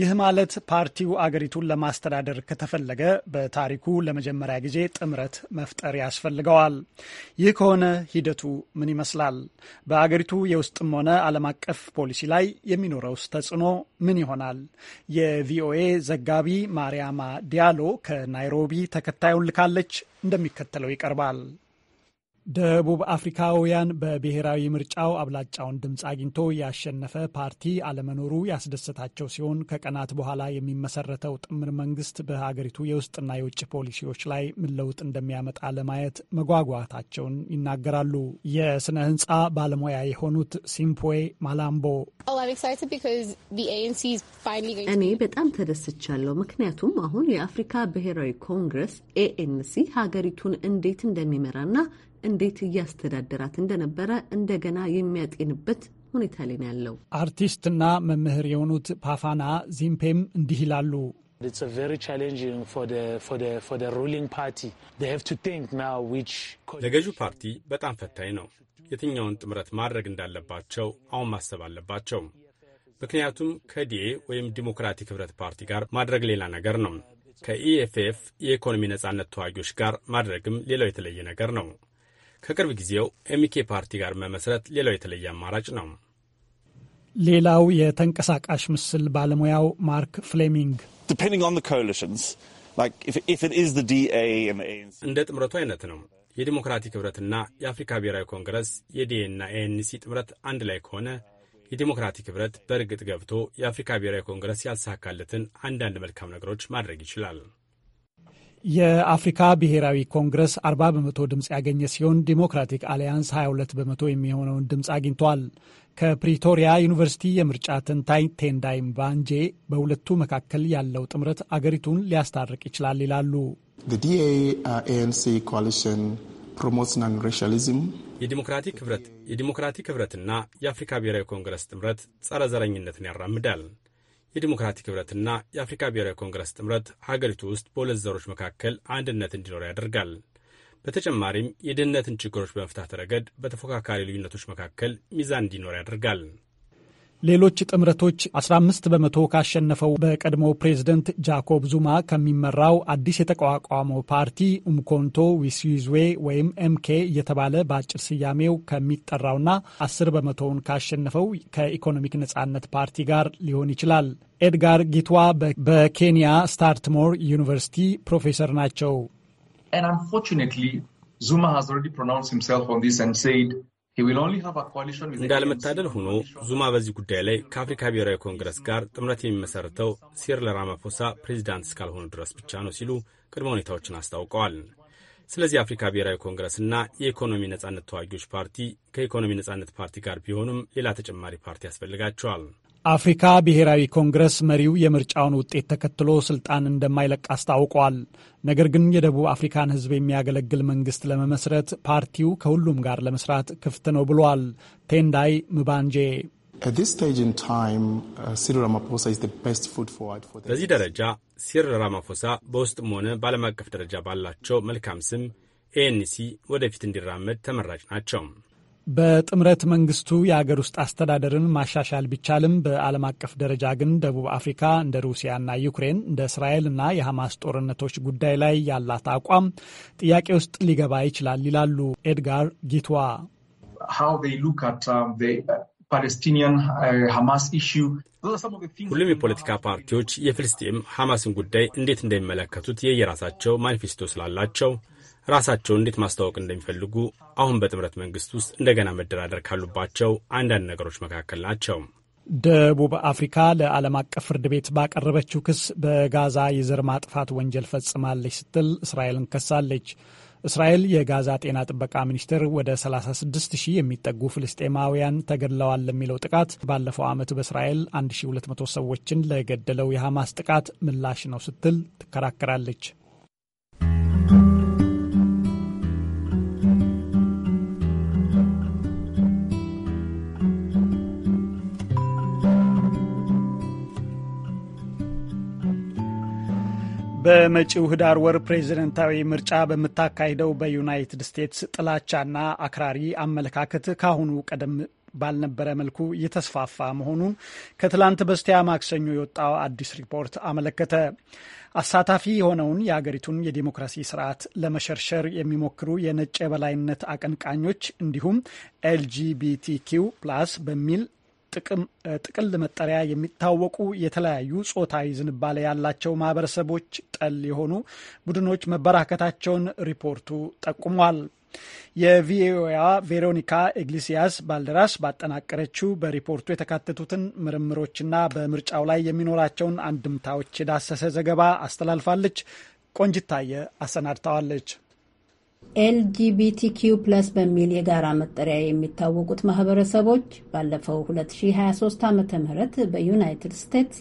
ይህ ማለት ፓርቲው አገሪቱን ለማስተዳደር ከተፈለገ በታሪኩ ለመጀመሪያ ጊዜ ጥምረት መፍጠር ያስፈልገዋል። ይህ ከሆነ ሂደቱ ምን ይመስላል? በአገሪቱ የውስጥም ሆነ ዓለም አቀፍ ፖሊሲ ላይ የሚኖረውስ ተጽዕኖ ምን ይሆናል? የቪኦኤ ዘጋቢ ማርያማ ዲያሎ ከናይሮቢ ተከታዩን ልካለች፣ እንደሚከተለው ይቀርባል። ደቡብ አፍሪካውያን በብሔራዊ ምርጫው አብላጫውን ድምፅ አግኝቶ ያሸነፈ ፓርቲ አለመኖሩ ያስደሰታቸው ሲሆን ከቀናት በኋላ የሚመሰረተው ጥምር መንግስት በሀገሪቱ የውስጥና የውጭ ፖሊሲዎች ላይ ምን ለውጥ እንደሚያመጣ ለማየት መጓጓታቸውን ይናገራሉ። የስነ ህንፃ ባለሙያ የሆኑት ሲምፖዌ ማላምቦ እኔ በጣም ተደስቻለሁ፣ ምክንያቱም አሁን የአፍሪካ ብሔራዊ ኮንግረስ ኤኤንሲ ሀገሪቱን እንዴት እንደሚመራና እንዴት እያስተዳደራት እንደነበረ እንደገና የሚያጤንበት ሁኔታ ላይ ነው ያለው። አርቲስትና መምህር የሆኑት ፓፋና ዚምፔም እንዲህ ይላሉ። ለገዢው ፓርቲ በጣም ፈታኝ ነው። የትኛውን ጥምረት ማድረግ እንዳለባቸው አሁን ማሰብ አለባቸው። ምክንያቱም ከዲኤ ወይም ዲሞክራቲክ ህብረት ፓርቲ ጋር ማድረግ ሌላ ነገር ነው። ከኢኤፍኤፍ የኢኮኖሚ ነጻነት ተዋጊዎች ጋር ማድረግም ሌላው የተለየ ነገር ነው። ከቅርብ ጊዜው ኤምኬ ፓርቲ ጋር መመስረት ሌላው የተለየ አማራጭ ነው። ሌላው የተንቀሳቃሽ ምስል ባለሙያው ማርክ ፍሌሚንግ እንደ ጥምረቱ አይነት ነው። የዲሞክራቲክ ህብረትና የአፍሪካ ብሔራዊ ኮንግረስ የዲኤና ኤንሲ ጥምረት አንድ ላይ ከሆነ የዲሞክራቲክ ህብረት በእርግጥ ገብቶ የአፍሪካ ብሔራዊ ኮንግረስ ያልተሳካለትን አንዳንድ መልካም ነገሮች ማድረግ ይችላል። የአፍሪካ ብሔራዊ ኮንግረስ 40 በመቶ ድምፅ ያገኘ ሲሆን ዲሞክራቲክ አሊያንስ 22 በመቶ የሚሆነውን ድምፅ አግኝቷል። ከፕሪቶሪያ ዩኒቨርሲቲ የምርጫ ተንታኝ ቴንዳይ ባንጄ በሁለቱ መካከል ያለው ጥምረት አገሪቱን ሊያስታርቅ ይችላል ይላሉ። የዲሞክራቲክ ህብረት የዲሞክራቲክ ህብረትና የአፍሪካ ብሔራዊ ኮንግረስ ጥምረት ጸረ ዘረኝነትን ያራምዳል። የዲሞክራቲክ ህብረትና የአፍሪካ ብሔራዊ ኮንግረስ ጥምረት ሀገሪቱ ውስጥ በሁለት ዘሮች መካከል አንድነት እንዲኖር ያደርጋል። በተጨማሪም የድህነትን ችግሮች በመፍታት ረገድ በተፎካካሪ ልዩነቶች መካከል ሚዛን እንዲኖር ያደርጋል። ሌሎች ጥምረቶች 15 በመቶ ካሸነፈው በቀድሞ ፕሬዝደንት ጃኮብ ዙማ ከሚመራው አዲስ የተቋቋመው ፓርቲ ኡምኮንቶ ዊስዊዝዌ ወይም ኤምኬ እየተባለ በአጭር ስያሜው ከሚጠራውና 10 በመቶውን ካሸነፈው ከኢኮኖሚክ ነጻነት ፓርቲ ጋር ሊሆን ይችላል። ኤድጋር ጊትዋ በኬንያ ስታርትሞር ዩኒቨርሲቲ ፕሮፌሰር ናቸው። ዙማ እንዳለመታደል ሆኖ ዙማ በዚህ ጉዳይ ላይ ከአፍሪካ ብሔራዊ ኮንግረስ ጋር ጥምረት የሚመሰርተው ሲሪል ራማፎሳ ፕሬዚዳንት እስካልሆኑ ድረስ ብቻ ነው ሲሉ ቅድመ ሁኔታዎችን አስታውቀዋል። ስለዚህ የአፍሪካ ብሔራዊ ኮንግረስና የኢኮኖሚ ነጻነት ተዋጊዎች ፓርቲ ከኢኮኖሚ ነጻነት ፓርቲ ጋር ቢሆኑም ሌላ ተጨማሪ ፓርቲ ያስፈልጋቸዋል። የአፍሪካ ብሔራዊ ኮንግረስ መሪው የምርጫውን ውጤት ተከትሎ ስልጣን እንደማይለቅ አስታውቋል። ነገር ግን የደቡብ አፍሪካን ሕዝብ የሚያገለግል መንግስት ለመመስረት ፓርቲው ከሁሉም ጋር ለመስራት ክፍት ነው ብሏል። ቴንዳይ ምባንጄ uh, በዚህ ደረጃ ሲር ራማፎሳ በውስጥም ሆነ በዓለም አቀፍ ደረጃ ባላቸው መልካም ስም ኤንሲ ወደፊት እንዲራመድ ተመራጭ ናቸው። በጥምረት መንግስቱ የአገር ውስጥ አስተዳደርን ማሻሻል ቢቻልም በዓለም አቀፍ ደረጃ ግን ደቡብ አፍሪካ እንደ ሩሲያና ዩክሬን እንደ እስራኤልና የሐማስ ጦርነቶች ጉዳይ ላይ ያላት አቋም ጥያቄ ውስጥ ሊገባ ይችላል ይላሉ ኤድጋር ጊትዋ። um, uh, ሁሉም የፖለቲካ ፓርቲዎች የፍልስጤም ሐማስን ጉዳይ እንዴት እንደሚመለከቱት የየራሳቸው ማኒፌስቶ ስላላቸው ራሳቸውን እንዴት ማስተዋወቅ እንደሚፈልጉ አሁን በጥምረት መንግስት ውስጥ እንደገና መደራደር ካሉባቸው አንዳንድ ነገሮች መካከል ናቸው። ደቡብ አፍሪካ ለዓለም አቀፍ ፍርድ ቤት ባቀረበችው ክስ በጋዛ የዘር ማጥፋት ወንጀል ፈጽማለች ስትል እስራኤልን ከሳለች። እስራኤል የጋዛ ጤና ጥበቃ ሚኒስቴር ወደ 36 ሺህ የሚጠጉ ፍልስጤማውያን ተገድለዋል ለሚለው ጥቃት ባለፈው ዓመት በእስራኤል 1200 ሰዎችን ለገደለው የሐማስ ጥቃት ምላሽ ነው ስትል ትከራከራለች። በመጪው ህዳር ወር ፕሬዝደንታዊ ምርጫ በምታካሂደው በዩናይትድ ስቴትስ ጥላቻና አክራሪ አመለካከት ካሁኑ ቀደም ባልነበረ መልኩ እየተስፋፋ መሆኑን ከትላንት በስቲያ ማክሰኞ የወጣው አዲስ ሪፖርት አመለከተ። አሳታፊ የሆነውን የሀገሪቱን የዲሞክራሲ ስርዓት ለመሸርሸር የሚሞክሩ የነጭ የበላይነት አቀንቃኞች እንዲሁም ኤልጂቢቲኪው ፕላስ በሚል ጥቅል መጠሪያ የሚታወቁ የተለያዩ ጾታዊ ዝንባሌ ያላቸው ማህበረሰቦች ጠል የሆኑ ቡድኖች መበራከታቸውን ሪፖርቱ ጠቁሟል። የቪኦኤዋ ቬሮኒካ ኢግሊሲያስ ባልደራስ ባጠናቀረችው በሪፖርቱ የተካተቱትን ምርምሮችና በምርጫው ላይ የሚኖራቸውን አንድምታዎች የዳሰሰ ዘገባ አስተላልፋለች። ቆንጅታየ አሰናድተዋለች። ኤልጂቢቲኪዩ ፕለስ በሚል የጋራ መጠሪያ የሚታወቁት ማህበረሰቦች ባለፈው 2023 ዓ ም በዩናይትድ ስቴትስ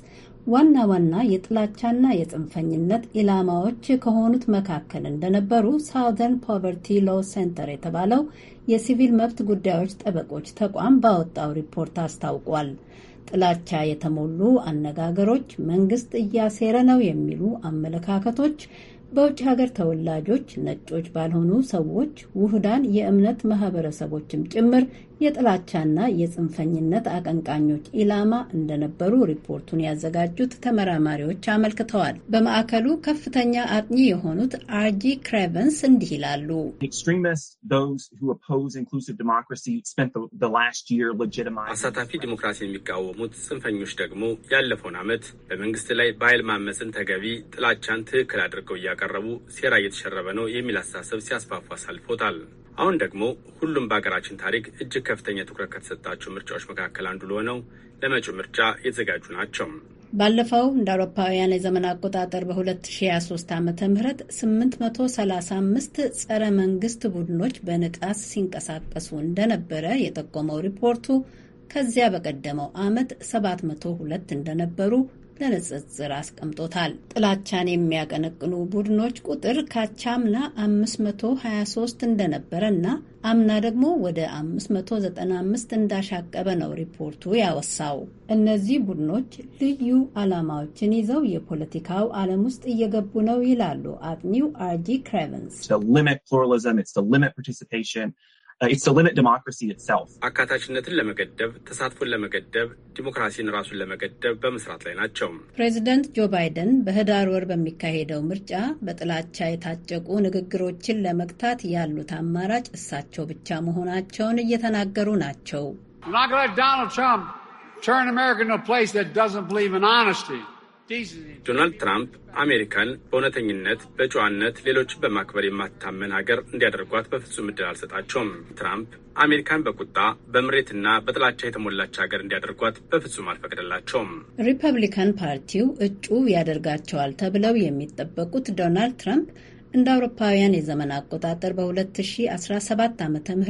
ዋና ዋና የጥላቻና የጽንፈኝነት ኢላማዎች ከሆኑት መካከል እንደነበሩ ሳውዘርን ፖቨርቲ ሎ ሴንተር የተባለው የሲቪል መብት ጉዳዮች ጠበቆች ተቋም ባወጣው ሪፖርት አስታውቋል። ጥላቻ የተሞሉ አነጋገሮች፣ መንግስት እያሴረ ነው የሚሉ አመለካከቶች በውጭ ሀገር ተወላጆች፣ ነጮች ባልሆኑ ሰዎች፣ ውህዳን የእምነት ማህበረሰቦችም ጭምር የጥላቻና የጽንፈኝነት አቀንቃኞች ኢላማ እንደነበሩ ሪፖርቱን ያዘጋጁት ተመራማሪዎች አመልክተዋል። በማዕከሉ ከፍተኛ አጥኚ የሆኑት አርጂ ክሬቨንስ እንዲህ ይላሉ። አሳታፊ ዲሞክራሲ የሚቃወሙት ጽንፈኞች ደግሞ ያለፈውን ዓመት በመንግስት ላይ በኃይል ማመፅን ተገቢ፣ ጥላቻን ትክክል አድርገው እያቀረቡ ሴራ እየተሸረበ ነው የሚል አስተሳሰብ ሲያስፋፉ አሳልፎታል። አሁን ደግሞ ሁሉም በሀገራችን ታሪክ እጅግ ከፍተኛ ትኩረት ከተሰጣቸው ምርጫዎች መካከል አንዱ ለሆነው ለመጪው ምርጫ የተዘጋጁ ናቸው። ባለፈው እንደ አውሮፓውያን የዘመን አቆጣጠር በ2023 ዓ ም 835 ጸረ መንግስት ቡድኖች በንቃስ ሲንቀሳቀሱ እንደነበረ የጠቆመው ሪፖርቱ ከዚያ በቀደመው ዓመት 702 እንደነበሩ ለንጽጽር አስቀምጦታል። ጥላቻን የሚያቀነቅኑ ቡድኖች ቁጥር ካቻምና 523 እንደነበረና አምና ደግሞ ወደ 595 እንዳሻቀበ ነው ሪፖርቱ ያወሳው። እነዚህ ቡድኖች ልዩ ዓላማዎችን ይዘው የፖለቲካው ዓለም ውስጥ እየገቡ ነው ይላሉ አጥኚው አርጂ ክሬቨንስ Uh, አካታችነትን ለመገደብ፣ ተሳትፎን ለመገደብ፣ ዲሞክራሲን ራሱን ለመገደብ በመስራት ላይ ናቸው። ፕሬዚደንት ጆ ባይደን በህዳር ወር በሚካሄደው ምርጫ በጥላቻ የታጨቁ ንግግሮችን ለመግታት ያሉት አማራጭ እሳቸው ብቻ መሆናቸውን እየተናገሩ ናቸው። ዶናልድ ትራምፕ አሜሪካን በእውነተኝነት፣ በጨዋነት ሌሎችን በማክበር የማታመን ሀገር እንዲያደርጓት በፍጹም እድል አልሰጣቸውም። ትራምፕ አሜሪካን በቁጣ በምሬትና በጥላቻ የተሞላች ሀገር እንዲያደርጓት በፍጹም አልፈቅደላቸውም። ሪፐብሊካን ፓርቲው እጩ ያደርጋቸዋል ተብለው የሚጠበቁት ዶናልድ ትራምፕ እንደ አውሮፓውያን የዘመን አቆጣጠር በ2017 ዓ ም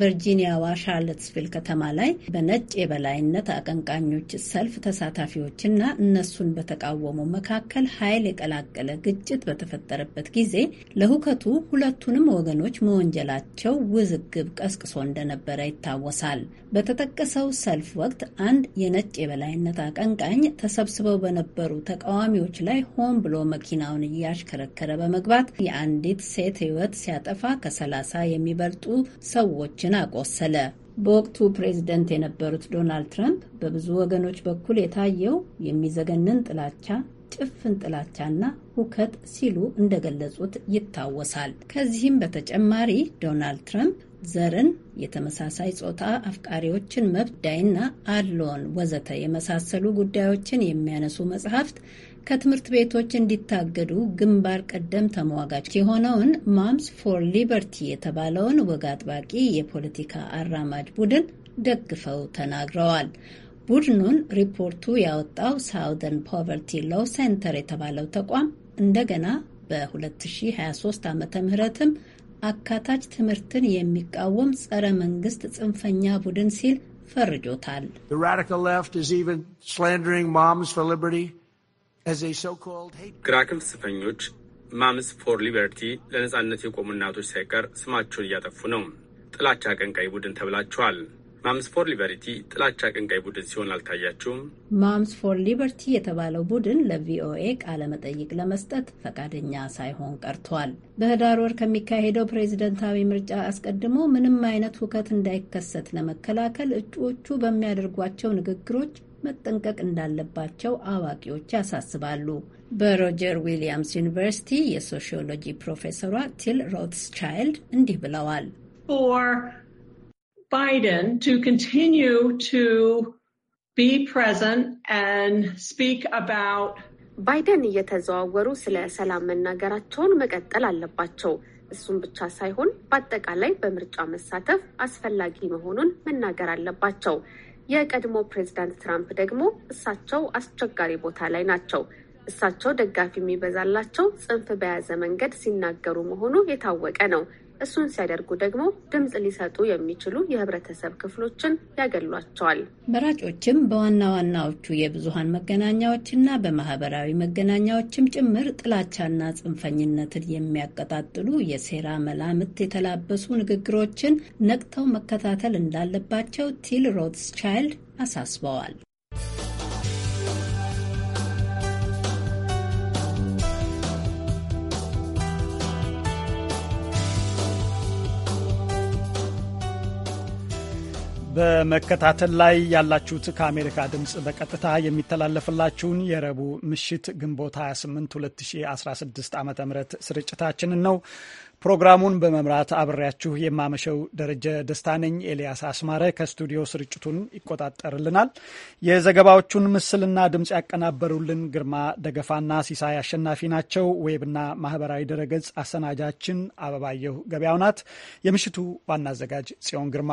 ቨርጂኒያዋ ሻርለትስቪል ከተማ ላይ በነጭ የበላይነት አቀንቃኞች ሰልፍ ተሳታፊዎችና እነሱን በተቃወሙ መካከል ኃይል የቀላቀለ ግጭት በተፈጠረበት ጊዜ ለሁከቱ ሁለቱንም ወገኖች መወንጀላቸው ውዝግብ ቀስቅሶ እንደነበረ ይታወሳል። በተጠቀሰው ሰልፍ ወቅት አንድ የነጭ የበላይነት አቀንቃኝ ተሰብስበው በነበሩ ተቃዋሚዎች ላይ ሆን ብሎ መኪናውን እያሽከረከረ በመግባት የአንዲት ሴት ሕይወት ሲያጠፋ ከሰላሳ የሚበልጡ ሰዎችን አቆሰለ። በወቅቱ ፕሬዝደንት የነበሩት ዶናልድ ትራምፕ በብዙ ወገኖች በኩል የታየው የሚዘገንን ጥላቻ ጭፍን ጥላቻና ሁከት ሲሉ እንደገለጹት ይታወሳል። ከዚህም በተጨማሪ ዶናልድ ትራምፕ ዘርን፣ የተመሳሳይ ጾታ አፍቃሪዎችን መብት ዳይና አሎን ወዘተ የመሳሰሉ ጉዳዮችን የሚያነሱ መጽሐፍት ከትምህርት ቤቶች እንዲታገዱ ግንባር ቀደም ተሟጋች የሆነውን ማምስ ፎር ሊበርቲ የተባለውን ወግ አጥባቂ የፖለቲካ አራማጅ ቡድን ደግፈው ተናግረዋል። ቡድኑን ሪፖርቱ ያወጣው ሳውደን ፖቨርቲ ሎው ሴንተር የተባለው ተቋም እንደገና በ2023 ዓ ምህረትም አካታች ትምህርትን የሚቃወም ጸረ መንግስት ጽንፈኛ ቡድን ሲል ፈርጆታል። ግራ ክፍልስፈኞች ማምስ ፎር ሊበርቲ ለነጻነት የቆሙ እናቶች ሳይቀር ስማቸውን እያጠፉ ነው። ጥላቻ አቀንቃይ ቡድን ተብላችኋል። ማምስ ፎር ሊበርቲ ጥላቻ አቀንቃይ ቡድን ሲሆን አልታያችሁም? ማምስ ፎር ሊበርቲ የተባለው ቡድን ለቪኦኤ ቃለ መጠይቅ ለመስጠት ፈቃደኛ ሳይሆን ቀርቷል። በህዳር ወር ከሚካሄደው ፕሬዝደንታዊ ምርጫ አስቀድሞ ምንም አይነት ሁከት እንዳይከሰት ለመከላከል እጩዎቹ በሚያደርጓቸው ንግግሮች መጠንቀቅ እንዳለባቸው አዋቂዎች ያሳስባሉ። በሮጀር ዊሊያምስ ዩኒቨርሲቲ የሶሺዮሎጂ ፕሮፌሰሯ ቲል ሮትስ ቻይልድ እንዲህ ብለዋል። ባይደን ቱ ቱ ቢ ፕሬዘንት ኤንድ ስፒክ ባይደን እየተዘዋወሩ ስለ ሰላም መናገራቸውን መቀጠል አለባቸው። እሱም ብቻ ሳይሆን በአጠቃላይ በምርጫ መሳተፍ አስፈላጊ መሆኑን መናገር አለባቸው። የቀድሞ ፕሬዚዳንት ትራምፕ ደግሞ እሳቸው አስቸጋሪ ቦታ ላይ ናቸው። እሳቸው ደጋፊ የሚበዛላቸው ጽንፍ በያዘ መንገድ ሲናገሩ መሆኑ የታወቀ ነው። እሱን ሲያደርጉ ደግሞ ድምፅ ሊሰጡ የሚችሉ የህብረተሰብ ክፍሎችን ያገሏቸዋል። መራጮችም በዋና ዋናዎቹ የብዙሀን መገናኛዎችና በማህበራዊ መገናኛዎችም ጭምር ጥላቻና ጽንፈኝነትን የሚያቀጣጥሉ የሴራ መላምት የተላበሱ ንግግሮችን ነቅተው መከታተል እንዳለባቸው ቲል ቻይልድ አሳስበዋል። በመከታተል ላይ ያላችሁት ከአሜሪካ ድምፅ በቀጥታ የሚተላለፍላችሁን የረቡዕ ምሽት ግንቦት 28 2016 ዓ ም ስርጭታችንን ነው። ፕሮግራሙን በመምራት አብሬያችሁ የማመሸው ደረጀ ደስታ ነኝ። ኤልያስ አስማረ ከስቱዲዮ ስርጭቱን ይቆጣጠርልናል። የዘገባዎቹን ምስልና ድምፅ ያቀናበሩልን ግርማ ደገፋና ሲሳይ አሸናፊ ናቸው። ዌብና ማህበራዊ ድረገጽ አሰናጃችን አበባየሁ ገበያው ናት። የምሽቱ ዋና አዘጋጅ ጽዮን ግርማ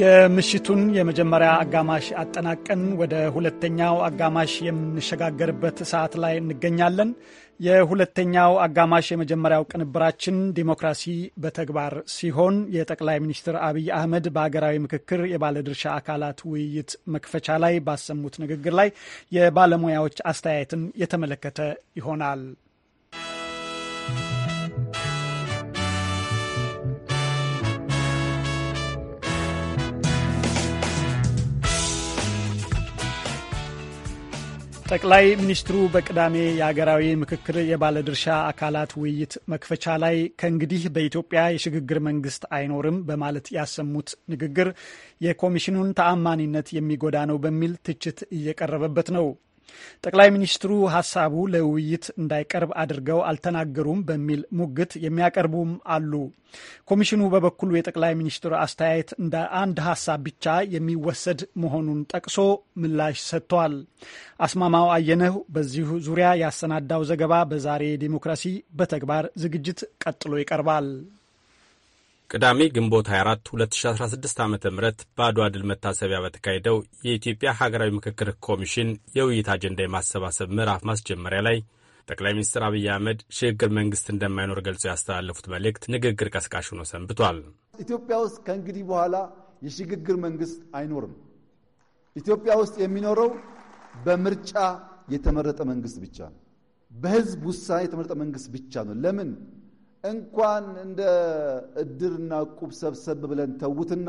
የምሽቱን የመጀመሪያ አጋማሽ አጠናቀን ወደ ሁለተኛው አጋማሽ የምንሸጋገርበት ሰዓት ላይ እንገኛለን። የሁለተኛው አጋማሽ የመጀመሪያው ቅንብራችን ዲሞክራሲ በተግባር ሲሆን የጠቅላይ ሚኒስትር አብይ አህመድ በሀገራዊ ምክክር የባለድርሻ አካላት ውይይት መክፈቻ ላይ ባሰሙት ንግግር ላይ የባለሙያዎች አስተያየትን የተመለከተ ይሆናል። ጠቅላይ ሚኒስትሩ በቅዳሜ የሀገራዊ ምክክር የባለድርሻ አካላት ውይይት መክፈቻ ላይ ከእንግዲህ በኢትዮጵያ የሽግግር መንግስት አይኖርም በማለት ያሰሙት ንግግር የኮሚሽኑን ተአማኒነት የሚጎዳ ነው በሚል ትችት እየቀረበበት ነው። ጠቅላይ ሚኒስትሩ ሀሳቡ ለውይይት እንዳይቀርብ አድርገው አልተናገሩም በሚል ሙግት የሚያቀርቡም አሉ። ኮሚሽኑ በበኩሉ የጠቅላይ ሚኒስትሩ አስተያየት እንደ አንድ ሀሳብ ብቻ የሚወሰድ መሆኑን ጠቅሶ ምላሽ ሰጥቷል። አስማማው አየነው በዚሁ ዙሪያ ያሰናዳው ዘገባ በዛሬ ዲሞክራሲ በተግባር ዝግጅት ቀጥሎ ይቀርባል። ቅዳሜ ግንቦት 24 2016 ዓ ም በአድዋ ድል መታሰቢያ በተካሄደው የኢትዮጵያ ሀገራዊ ምክክር ኮሚሽን የውይይት አጀንዳ የማሰባሰብ ምዕራፍ ማስጀመሪያ ላይ ጠቅላይ ሚኒስትር አብይ አህመድ ሽግግር መንግስት እንደማይኖር ገልጾ ያስተላለፉት መልእክት ንግግር ቀስቃሽ ሆኖ ሰንብቷል። ኢትዮጵያ ውስጥ ከእንግዲህ በኋላ የሽግግር መንግስት አይኖርም። ኢትዮጵያ ውስጥ የሚኖረው በምርጫ የተመረጠ መንግስት ብቻ ነው። በህዝብ ውሳኔ የተመረጠ መንግስት ብቻ ነው። ለምን እንኳን እንደ እድርና ቁብ ሰብሰብ ብለን ተውትና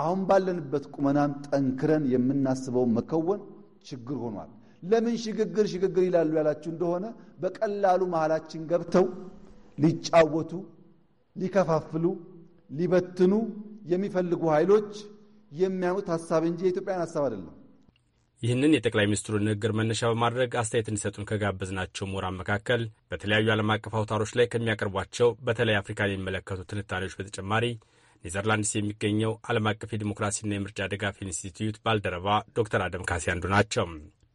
አሁን ባለንበት ቁመናም ጠንክረን የምናስበው መከወን ችግር ሆኗል። ለምን ሽግግር ሽግግር ይላሉ ያላችሁ እንደሆነ በቀላሉ መሃላችን ገብተው ሊጫወቱ፣ ሊከፋፍሉ፣ ሊበትኑ የሚፈልጉ ኃይሎች የሚያኑት ሀሳብ እንጂ የኢትዮጵያን ሀሳብ አይደለም። ይህንን የጠቅላይ ሚኒስትሩን ንግግር መነሻ በማድረግ አስተያየት እንዲሰጡን ከጋበዝናቸው ምሁራን መካከል በተለያዩ ዓለም አቀፍ አውታሮች ላይ ከሚያቀርቧቸው በተለይ አፍሪካን የሚመለከቱ ትንታኔዎች በተጨማሪ ኔዘርላንድስ የሚገኘው ዓለም አቀፍ የዲሞክራሲና የምርጫ ድጋፍ ኢንስቲትዩት ባልደረባ ዶክተር አደም ካሴ አንዱ ናቸው።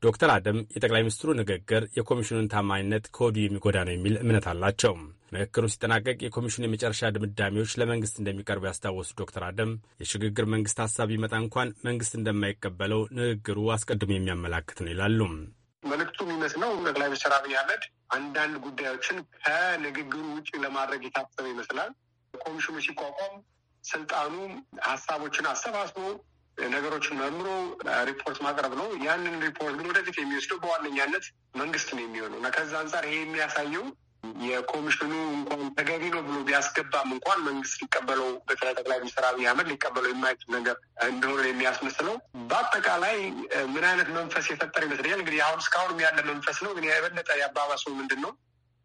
ዶክተር አደም የጠቅላይ ሚኒስትሩ ንግግር የኮሚሽኑን ታማኝነት ከወዲሁ የሚጎዳ ነው የሚል እምነት አላቸው። ምክክሩ ሲጠናቀቅ የኮሚሽኑ የመጨረሻ ድምዳሜዎች ለመንግስት እንደሚቀርቡ ያስታወሱ ዶክተር አደም የሽግግር መንግስት ሀሳብ ቢመጣ እንኳን መንግስት እንደማይቀበለው ንግግሩ አስቀድሞ የሚያመላክት ነው ይላሉ። መልእክቱ የሚመስለው ጠቅላይ ሚኒስትር አብይ አህመድ አንዳንድ ጉዳዮችን ከንግግሩ ውጭ ለማድረግ የታሰበ ይመስላል። ኮሚሽኑ ሲቋቋም ስልጣኑ ሀሳቦችን አሰባስቦ ነገሮችን መርምሮ ሪፖርት ማቅረብ ነው። ያንን ሪፖርት ግን ወደፊት የሚወስደው በዋነኛነት መንግስት ነው የሚሆነው እና ከዛ አንጻር ይሄ የሚያሳየው የኮሚሽኑ እንኳን ተገቢ ነው ብሎ ቢያስገባም እንኳን መንግስት ሊቀበለው በተለይ ጠቅላይ ሚኒስትር አብይ አህመድ ሊቀበለው የማይችል ነገር እንደሆነ የሚያስመስለው በአጠቃላይ ምን አይነት መንፈስ የፈጠረ ይመስለኛል። እንግዲህ አሁን እስካሁንም ያለ መንፈስ ነው። ግን የበለጠ ያባባሰው ምንድን ነው?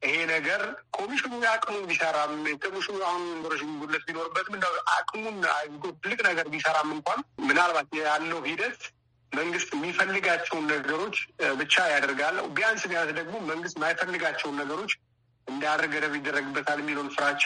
ይሄ ነገር ኮሚሽኑ አቅሙ ቢሰራም ኮሚሽኑ አሁን ነገሮች ጉድለት ቢኖርበትም እንዳ አቅሙን ትልቅ ነገር ቢሰራም እንኳን ምናልባት ያለው ሂደት መንግስት የሚፈልጋቸውን ነገሮች ብቻ ያደርጋል። ቢያንስ ቢያንስ ደግሞ መንግስት ማይፈልጋቸውን ነገሮች እንደ ገደብ ይደረግበታል የሚለውን ፍራቻ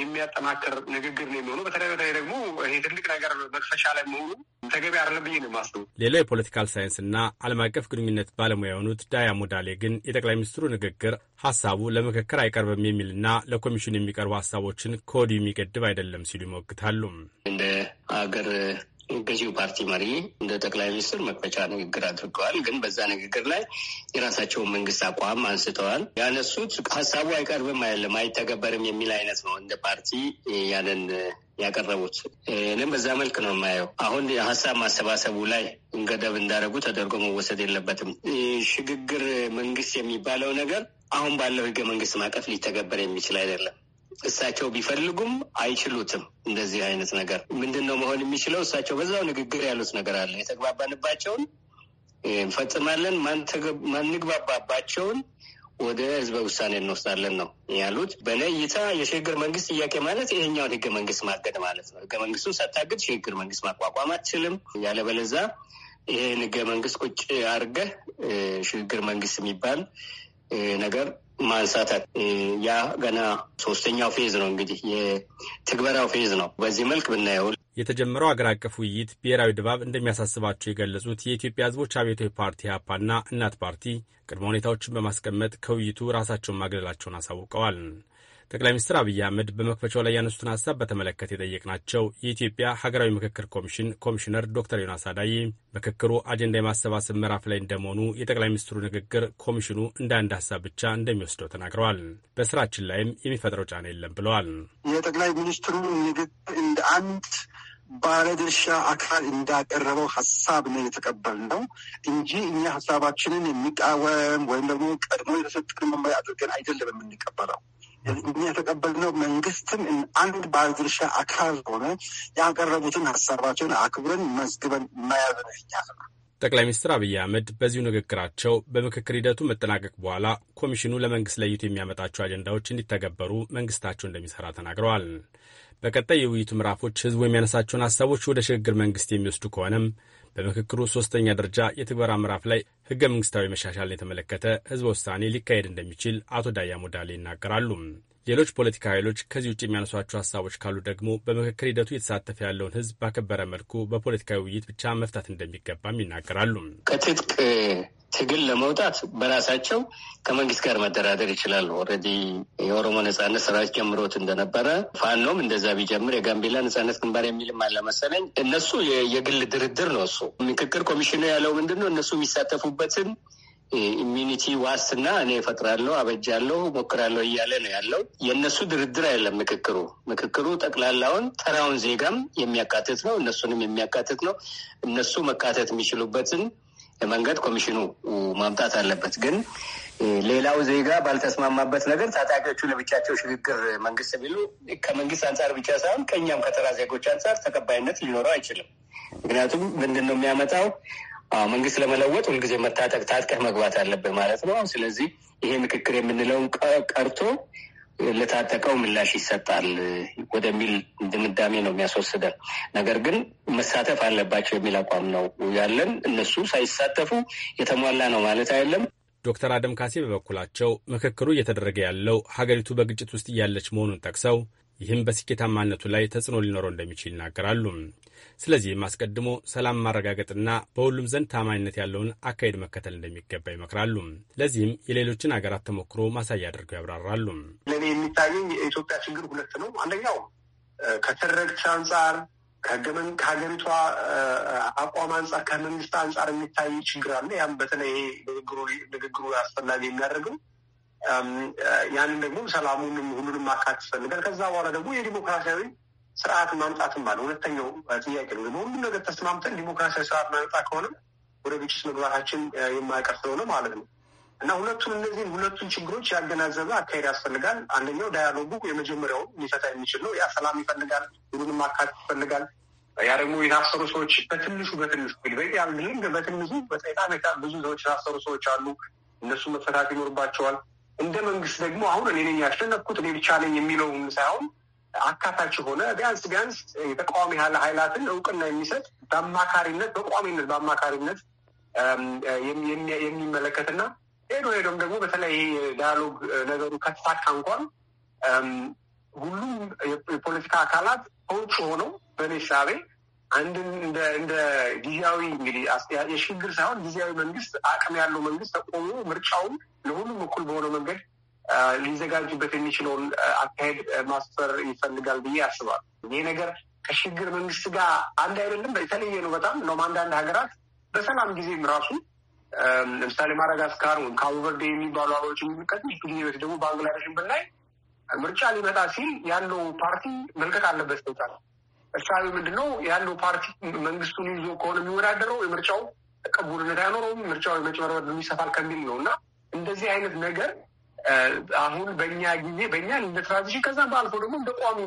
የሚያጠናክር ንግግር ነው የሚሆኑ። በተለይ በተለይ ደግሞ ይሄ ትልቅ ነገር መክፈቻ ላይ መሆኑ ተገቢ አለ ብዬ ነው የማስበው። ሌላው የፖለቲካል ሳይንስና ዓለም አቀፍ ግንኙነት ባለሙያ የሆኑት ዳያ ሞዳሌ ግን የጠቅላይ ሚኒስትሩ ንግግር ሀሳቡ ለምክክር አይቀርብም የሚልና ለኮሚሽን የሚቀርቡ ሀሳቦችን ከወዲሁ የሚገድብ አይደለም ሲሉ ይሞግታሉ። እንደ አገር ገዢው ፓርቲ መሪ እንደ ጠቅላይ ሚኒስትር መክፈቻ ንግግር አድርገዋል። ግን በዛ ንግግር ላይ የራሳቸውን መንግስት አቋም አንስተዋል። ያነሱት ሀሳቡ አይቀርብም አይደለም አይተገበርም የሚል አይነት ነው። እንደ ፓርቲ ያንን ያቀረቡት እኔም በዛ መልክ ነው የማየው። አሁን የሀሳብ ማሰባሰቡ ላይ ገደብ እንዳደረጉ ተደርጎ መወሰድ የለበትም። ሽግግር መንግስት የሚባለው ነገር አሁን ባለው ህገ መንግስት ማቀፍ ሊተገበር የሚችል አይደለም። እሳቸው ቢፈልጉም አይችሉትም። እንደዚህ አይነት ነገር ምንድን ነው መሆን የሚችለው? እሳቸው በዛው ንግግር ያሉት ነገር አለ። የተግባባንባቸውን እንፈጽማለን፣ ማንግባባባቸውን ወደ ህዝበ ውሳኔ እንወስዳለን ነው ያሉት። በእኔ እይታ የሽግግር መንግስት ጥያቄ ማለት ይሄኛውን ህገ መንግስት ማገድ ማለት ነው። ህገ መንግስቱን ሳታግድ ሽግግር መንግስት ማቋቋም አትችልም። ያለበለዛ ይሄን ህገ መንግስት ቁጭ አድርገህ ሽግግር መንግስት የሚባል ነገር ማንሳታት ያ ገና ሶስተኛው ፌዝ ነው እንግዲህ የትግበራው ፌዝ ነው። በዚህ መልክ ብናየው የተጀመረው አገር አቀፍ ውይይት ብሔራዊ ድባብ እንደሚያሳስባቸው የገለጹት የኢትዮጵያ ሕዝቦች አብዮታዊ ፓርቲ ና እናት ፓርቲ ቅድመ ሁኔታዎችን በማስቀመጥ ከውይይቱ ራሳቸውን ማግለላቸውን አሳውቀዋል። ጠቅላይ ሚኒስትር አብይ አህመድ በመክፈቻው ላይ ያነሱትን ሀሳብ በተመለከተ የጠየቅናቸው የኢትዮጵያ ሀገራዊ ምክክር ኮሚሽን ኮሚሽነር ዶክተር ዮናስ አዳይ ምክክሩ አጀንዳ የማሰባሰብ ምዕራፍ ላይ እንደመሆኑ የጠቅላይ ሚኒስትሩ ንግግር ኮሚሽኑ እንደ አንድ ሀሳብ ብቻ እንደሚወስደው ተናግረዋል። በስራችን ላይም የሚፈጥረው ጫና የለም ብለዋል። የጠቅላይ ሚኒስትሩ ንግግር እንደ አንድ ባለድርሻ አካል እንዳቀረበው ሀሳብ ነው የተቀበልነው እንጂ እኛ ሀሳባችንን የሚቃወም ወይም ደግሞ ቀድሞ የተሰጠን መመሪያ አድርገን አይደለም የምንቀበለው። የተቀበልነው መንግስትም አንድ ባለድርሻ አካል ሆነ ያቀረቡትን ሀሳባቸውን አክብረን መዝግበን መያዝ ነው ስራ። ጠቅላይ ሚኒስትር አብይ አህመድ በዚሁ ንግግራቸው በምክክር ሂደቱ መጠናቀቅ በኋላ ኮሚሽኑ ለመንግስት ለይቱ የሚያመጣቸው አጀንዳዎች እንዲተገበሩ መንግስታቸው እንደሚሰራ ተናግረዋል። በቀጣይ የውይይቱ ምዕራፎች ህዝቡ የሚያነሳቸውን ሀሳቦች ወደ ሽግግር መንግስት የሚወስዱ ከሆነም በምክክሩ ሶስተኛ ደረጃ የትግበራ ምዕራፍ ላይ ህገ መንግስታዊ መሻሻልን የተመለከተ ህዝበ ውሳኔ ሊካሄድ እንደሚችል አቶ ዳያ ሞዳሌ ይናገራሉ። ሌሎች ፖለቲካ ኃይሎች ከዚህ ውጭ የሚያነሷቸው ሀሳቦች ካሉ ደግሞ በምክክር ሂደቱ የተሳተፈ ያለውን ህዝብ ባከበረ መልኩ በፖለቲካዊ ውይይት ብቻ መፍታት እንደሚገባም ይናገራሉ። ከትጥቅ ትግል ለመውጣት በራሳቸው ከመንግስት ጋር መደራደር ይችላሉ። ኦልሬዲ የኦሮሞ ነጻነት ሰራዊት ጀምሮት እንደነበረ ፋኖም እንደዛ ቢጀምር የጋምቤላ ነጻነት ግንባር የሚልም አለመሰለኝ እነሱ የግል ድርድር ነው እሱ። ምክክር ኮሚሽኑ ያለው ምንድን ነው እነሱ የሚሳተፉበትን ኢሚኒቲ ዋስትና እኔ እፈጥራለሁ፣ አበጃለሁ፣ ሞክራለሁ እያለ ነው ያለው። የእነሱ ድርድር አይደለም ምክክሩ። ምክክሩ ጠቅላላውን ተራውን ዜጋም የሚያካትት ነው፣ እነሱንም የሚያካትት ነው። እነሱ መካተት የሚችሉበትን መንገድ ኮሚሽኑ ማምጣት አለበት። ግን ሌላው ዜጋ ባልተስማማበት ነገር ታጣቂዎቹ ለብቻቸው ሽግግር መንግስት ቢሉ ከመንግስት አንጻር ብቻ ሳይሆን ከእኛም ከተራ ዜጎች አንጻር ተቀባይነት ሊኖረው አይችልም። ምክንያቱም ምንድን ነው የሚያመጣው መንግስት ለመለወጥ ሁልጊዜ መታጠቅ ታጥቀህ መግባት አለብህ ማለት ነው። ስለዚህ ይሄ ምክክር የምንለውን ቀርቶ ለታጠቀው ምላሽ ይሰጣል ወደሚል ድምዳሜ ነው የሚያስወስደን። ነገር ግን መሳተፍ አለባቸው የሚል አቋም ነው ያለን። እነሱ ሳይሳተፉ የተሟላ ነው ማለት አይደለም። ዶክተር አደም ካሴ በበኩላቸው ምክክሩ እየተደረገ ያለው ሀገሪቱ በግጭት ውስጥ እያለች መሆኑን ጠቅሰው ይህም በስኬታማነቱ ላይ ተጽዕኖ ሊኖረው እንደሚችል ይናገራሉ። ስለዚህም አስቀድሞ ሰላም ማረጋገጥና በሁሉም ዘንድ ታማኝነት ያለውን አካሄድ መከተል እንደሚገባ ይመክራሉ። ለዚህም የሌሎችን ሀገራት ተሞክሮ ማሳያ አድርገው ያብራራሉ። ለእኔ የሚታየኝ የኢትዮጵያ ችግር ሁለት ነው። አንደኛው ከትርክት አንጻር ከሀገሪቷ አቋም አንጻር ከመንግስት አንጻር የሚታይ ችግር አለ። ያም በተለይ ንግግሩ አስፈላጊ የሚያደርገው ያንን ደግሞ ሰላሙንም ሁሉንም ማካት ይፈልጋል። ከዛ በኋላ ደግሞ የዲሞክራሲያዊ ስርዓት ማምጣትም አለ። ሁለተኛው ጥያቄ ነው ሁሉም ነገር ተስማምተን ዲሞክራሲያዊ ስርዓት ማመጣ ከሆነ ወደ ግጭት መግባታችን የማይቀር ስለሆነ ማለት ነው እና ሁለቱን እነዚህን ሁለቱን ችግሮች ያገናዘበ አካሄድ ያስፈልጋል። አንደኛው ዳያሎጉ የመጀመሪያው ሊፈታ የሚችል ነው። ያ ሰላም ይፈልጋል፣ ሁሉንም ማካት ይፈልጋል። ያ ደግሞ የታሰሩ ሰዎች በትንሹ በትንሹ በትንሹ በጣም ብዙ ሰዎች የታሰሩ ሰዎች አሉ። እነሱ መፈታት ይኖርባቸዋል። እንደ መንግስት ደግሞ አሁን እኔ ነኝ ያሸነፍኩት እኔ ብቻ ነኝ የሚለውን ሳይሆን አካታች የሆነ ቢያንስ ቢያንስ የተቃዋሚ ያለ ኃይላትን እውቅና የሚሰጥ በአማካሪነት በቋሚነት በአማካሪነት የሚመለከትና ሄዶ ሄዶም ደግሞ በተለይ ዳያሎግ ነገሩ ከተሳካ እንኳን ሁሉም የፖለቲካ አካላት ከውጭ ሆነው በእኔ ሳቤ አንድ እንደ ጊዜያዊ እንግዲህ የሽግግር ሳይሆን ጊዜያዊ መንግስት አቅም ያለው መንግስት ተቆሞ ምርጫውን ለሁሉም እኩል በሆነ መንገድ ሊዘጋጁበት የሚችለውን አካሄድ ማስፈር ይፈልጋል ብዬ አስባለሁ። ይህ ነገር ከሽግግር መንግስት ጋር አንድ አይደለም፣ የተለየ ነው በጣም ነው። አንዳንድ ሀገራት በሰላም ጊዜም ራሱ ለምሳሌ ማዳጋስካር ወይም ካቦ ቨርዴ የሚባሉ አገሮች የሚመለከት ጊዜ በፊት ደግሞ ባንግላዴሽን ብናይ ምርጫ ሊመጣ ሲል ያለው ፓርቲ መልቀቅ አለበት ስልጣን ምንድን ምንድነው ያለው ፓርቲ መንግስቱን ይዞ ከሆነ የሚወዳደረው የምርጫው ቅቡልነት አይኖረውም፣ ምርጫው የመጭበርበር ይሰፋል ከሚል ነው እና እንደዚህ አይነት ነገር አሁን በእኛ ጊዜ በእኛ እንደ ትራንዚሽን በአልፎ ደግሞ እንደ ቋሚ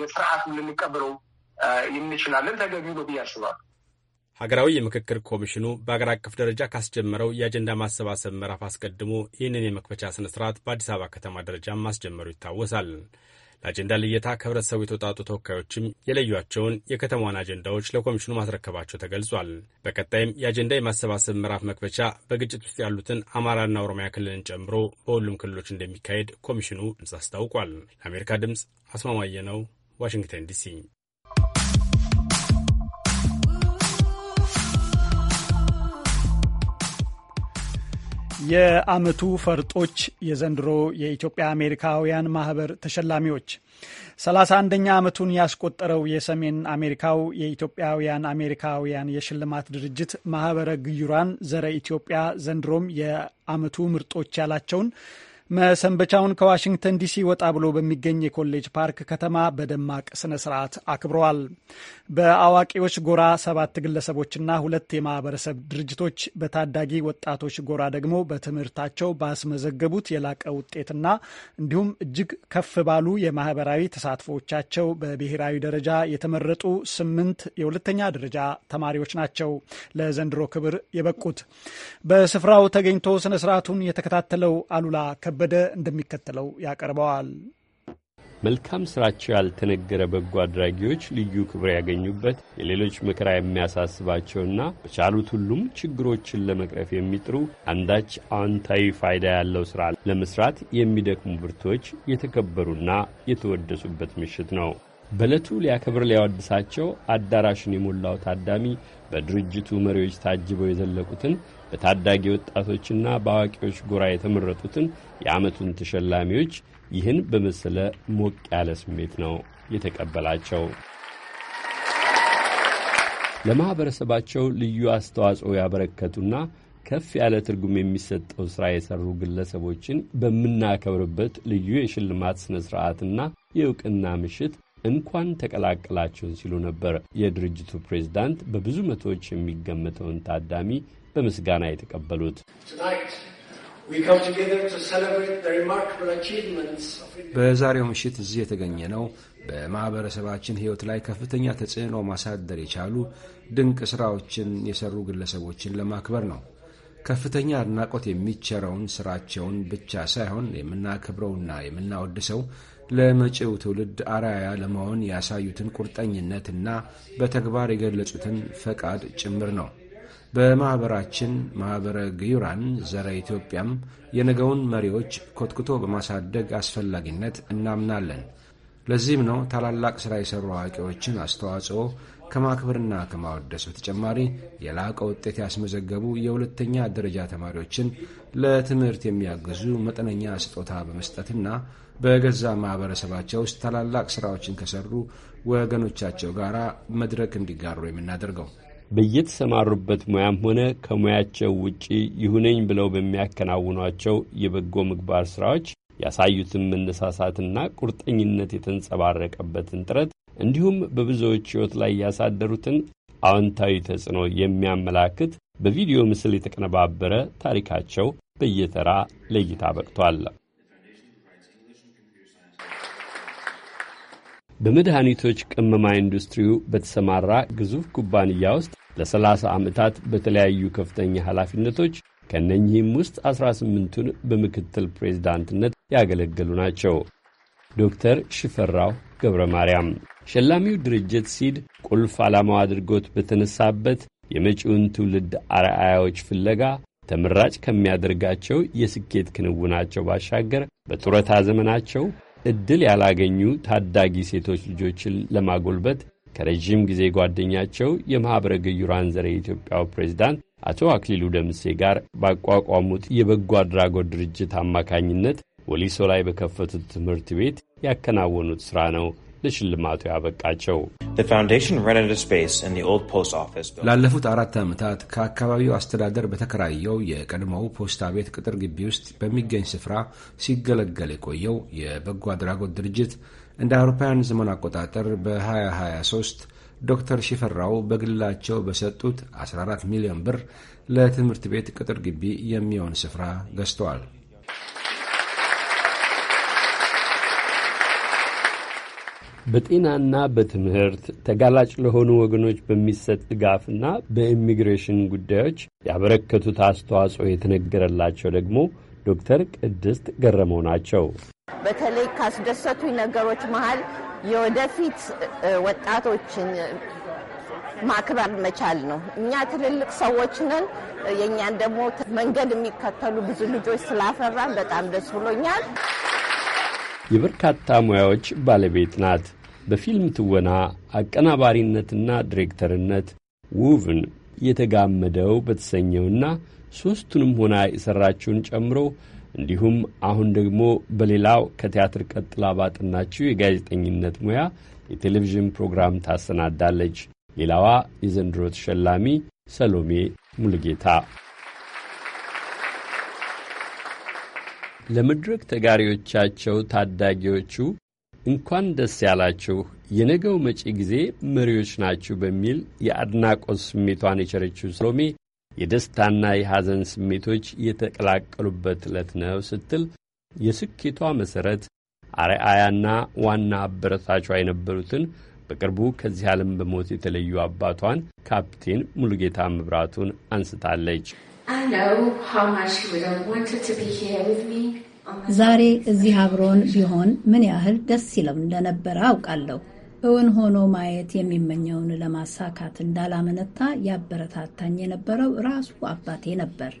የስርዓት ልንቀበለው እንችላለን ተገቢ ነው ብዬ አስባለሁ። ሀገራዊ የምክክር ኮሚሽኑ በአገር አቀፍ ደረጃ ካስጀመረው የአጀንዳ ማሰባሰብ ምዕራፍ አስቀድሞ ይህንን የመክፈቻ ስነ ስርዓት በአዲስ አበባ ከተማ ደረጃም ማስጀመሩ ይታወሳል። ለአጀንዳ ልየታ ከህብረተሰቡ የተውጣጡ ተወካዮችም የለዩቸውን የከተማዋን አጀንዳዎች ለኮሚሽኑ ማስረከባቸው ተገልጿል። በቀጣይም የአጀንዳ የማሰባሰብ ምዕራፍ መክፈቻ በግጭት ውስጥ ያሉትን አማራና ኦሮሚያ ክልልን ጨምሮ በሁሉም ክልሎች እንደሚካሄድ ኮሚሽኑ አስታውቋል። ለአሜሪካ ድምፅ አስማማየ ነው፣ ዋሽንግተን ዲሲ የአመቱ ፈርጦች የዘንድሮ የኢትዮጵያ አሜሪካውያን ማህበር ተሸላሚዎች 31ኛ ዓመቱን ያስቆጠረው የሰሜን አሜሪካው የኢትዮጵያውያን አሜሪካውያን የሽልማት ድርጅት ማህበረ ግዩራን ዘረ ኢትዮጵያ ዘንድሮም የአመቱ ምርጦች ያላቸውን መሰንበቻውን ከዋሽንግተን ዲሲ ወጣ ብሎ በሚገኝ የኮሌጅ ፓርክ ከተማ በደማቅ ስነ ስርዓት አክብረዋል። በአዋቂዎች ጎራ ሰባት ግለሰቦችና ሁለት የማህበረሰብ ድርጅቶች፣ በታዳጊ ወጣቶች ጎራ ደግሞ በትምህርታቸው ባስመዘገቡት የላቀ ውጤትና እንዲሁም እጅግ ከፍ ባሉ የማህበራዊ ተሳትፎቻቸው በብሔራዊ ደረጃ የተመረጡ ስምንት የሁለተኛ ደረጃ ተማሪዎች ናቸው ለዘንድሮ ክብር የበቁት። በስፍራው ተገኝቶ ስነ ስርዓቱን የተከታተለው አሉላ ከ ከበደ እንደሚከተለው ያቀርበዋል። መልካም ስራቸው ያልተነገረ በጎ አድራጊዎች ልዩ ክብር ያገኙበት የሌሎች መከራ የሚያሳስባቸውና በቻሉት ሁሉም ችግሮችን ለመቅረፍ የሚጥሩ አንዳች አዎንታዊ ፋይዳ ያለው ስራ ለመስራት የሚደክሙ ብርቶች የተከበሩና የተወደሱበት ምሽት ነው። በዕለቱ ሊያከብር ሊያወድሳቸው አዳራሽን የሞላው ታዳሚ በድርጅቱ መሪዎች ታጅበው የዘለቁትን በታዳጊ ወጣቶችና በአዋቂዎች ጎራ የተመረጡትን የዓመቱን ተሸላሚዎች ይህን በመሰለ ሞቅ ያለ ስሜት ነው የተቀበላቸው። ለማኅበረሰባቸው ልዩ አስተዋጽኦ ያበረከቱና ከፍ ያለ ትርጉም የሚሰጠው ሥራ የሠሩ ግለሰቦችን በምናከብርበት ልዩ የሽልማት ሥነ ሥርዓትና የእውቅና ምሽት እንኳን ተቀላቀላቸውን ሲሉ ነበር የድርጅቱ ፕሬዝዳንት በብዙ መቶዎች የሚገመተውን ታዳሚ በምስጋና የተቀበሉት። በዛሬው ምሽት እዚህ የተገኘ ነው በማኅበረሰባችን ሕይወት ላይ ከፍተኛ ተጽዕኖ ማሳደር የቻሉ ድንቅ ሥራዎችን የሠሩ ግለሰቦችን ለማክበር ነው። ከፍተኛ አድናቆት የሚቸረውን ሥራቸውን ብቻ ሳይሆን የምናከብረውና የምናወድሰው ለመጪው ትውልድ አርአያ ለመሆን ያሳዩትን ቁርጠኝነትና በተግባር የገለጹትን ፈቃድ ጭምር ነው። በማኅበራችን ማኅበረ ግዩራን ዘረ ኢትዮጵያም የነገውን መሪዎች ኮትኩቶ በማሳደግ አስፈላጊነት እናምናለን። ለዚህም ነው ታላላቅ ሥራ የሠሩ አዋቂዎችን አስተዋጽኦ ከማክበርና ከማወደስ በተጨማሪ የላቀ ውጤት ያስመዘገቡ የሁለተኛ ደረጃ ተማሪዎችን ለትምህርት የሚያግዙ መጠነኛ ስጦታ በመስጠትና በገዛ ማኅበረሰባቸው ውስጥ ታላላቅ ሥራዎችን ከሠሩ ወገኖቻቸው ጋር መድረክ እንዲጋሩ የምናደርገው። በየተሰማሩበት ሙያም ሆነ ከሙያቸው ውጪ ይሁነኝ ብለው በሚያከናውኗቸው የበጎ ምግባር ስራዎች ያሳዩትን መነሳሳትና ቁርጠኝነት የተንጸባረቀበትን ጥረት እንዲሁም በብዙዎች ሕይወት ላይ ያሳደሩትን አዎንታዊ ተጽዕኖ የሚያመላክት በቪዲዮ ምስል የተቀነባበረ ታሪካቸው በየተራ ለእይታ በቅቷል። በመድኃኒቶች ቅመማ ኢንዱስትሪው በተሰማራ ግዙፍ ኩባንያ ውስጥ ለ30 ዓመታት በተለያዩ ከፍተኛ ኃላፊነቶች ከእነኚህም ውስጥ 18ቱን በምክትል ፕሬዝዳንትነት ያገለገሉ ናቸው። ዶክተር ሽፈራው ገብረ ማርያም ሸላሚው ድርጅት ሲድ ቁልፍ ዓላማው አድርጎት በተነሳበት የመጪውን ትውልድ አርአያዎች ፍለጋ ተመራጭ ከሚያደርጋቸው የስኬት ክንውናቸው ባሻገር በጡረታ ዘመናቸው ዕድል ያላገኙ ታዳጊ ሴቶች ልጆችን ለማጎልበት ከረዥም ጊዜ ጓደኛቸው የማኅበረ ግዩራን ዘረ የኢትዮጵያው ፕሬዚዳንት አቶ አክሊሉ ደምሴ ጋር ባቋቋሙት የበጎ አድራጎት ድርጅት አማካኝነት ወሊሶ ላይ በከፈቱት ትምህርት ቤት ያከናወኑት ሥራ ነው ለሽልማቱ ያበቃቸው። ላለፉት አራት ዓመታት ከአካባቢው አስተዳደር በተከራየው የቀድሞው ፖስታ ቤት ቅጥር ግቢ ውስጥ በሚገኝ ስፍራ ሲገለገል የቆየው የበጎ አድራጎት ድርጅት እንደ አውሮፓውያን ዘመን አቆጣጠር በ2023 ዶክተር ሽፈራው በግላቸው በሰጡት 14 ሚሊዮን ብር ለትምህርት ቤት ቅጥር ግቢ የሚሆን ስፍራ ገዝተዋል። በጤናና በትምህርት ተጋላጭ ለሆኑ ወገኖች በሚሰጥ ድጋፍና በኢሚግሬሽን ጉዳዮች ያበረከቱት አስተዋጽኦ የተነገረላቸው ደግሞ ዶክተር ቅድስት ገረመው ናቸው። በተለይ ካስደሰቱኝ ነገሮች መሀል የወደፊት ወጣቶችን ማክበር መቻል ነው። እኛ ትልልቅ ሰዎች ነን። የእኛን ደግሞ መንገድ የሚከተሉ ብዙ ልጆች ስላፈራን በጣም ደስ ብሎኛል። የበርካታ ሙያዎች ባለቤት ናት። በፊልም ትወና አቀናባሪነትና ዲሬክተርነት ውብን የተጋመደው በተሰኘውና ሦስቱንም ሆና የሠራችውን ጨምሮ እንዲሁም አሁን ደግሞ በሌላው ከቲያትር ቀጥላ ባጥናችው የጋዜጠኝነት ሙያ የቴሌቪዥን ፕሮግራም ታሰናዳለች። ሌላዋ የዘንድሮ ተሸላሚ ሰሎሜ ሙሉጌታ ለመድረክ ተጋሪዎቻቸው ታዳጊዎቹ እንኳን ደስ ያላችሁ የነገው መጪ ጊዜ መሪዎች ናችሁ በሚል የአድናቆት ስሜቷን የቸረችው ሰሎሜ የደስታና የሐዘን ስሜቶች የተቀላቀሉበት ዕለት ነው ስትል የስኬቷ መሠረት አርአያና ዋና አበረታቿ የነበሩትን በቅርቡ ከዚህ ዓለም በሞት የተለዩ አባቷን ካፕቴን ሙሉጌታ መብራቱን አንስታለች። ዛሬ እዚህ አብሮን ቢሆን ምን ያህል ደስ ይለው እንደነበረ አውቃለሁ። እውን ሆኖ ማየት የሚመኘውን ለማሳካት እንዳላመነታ ያበረታታኝ የነበረው ራሱ አባቴ ነበር።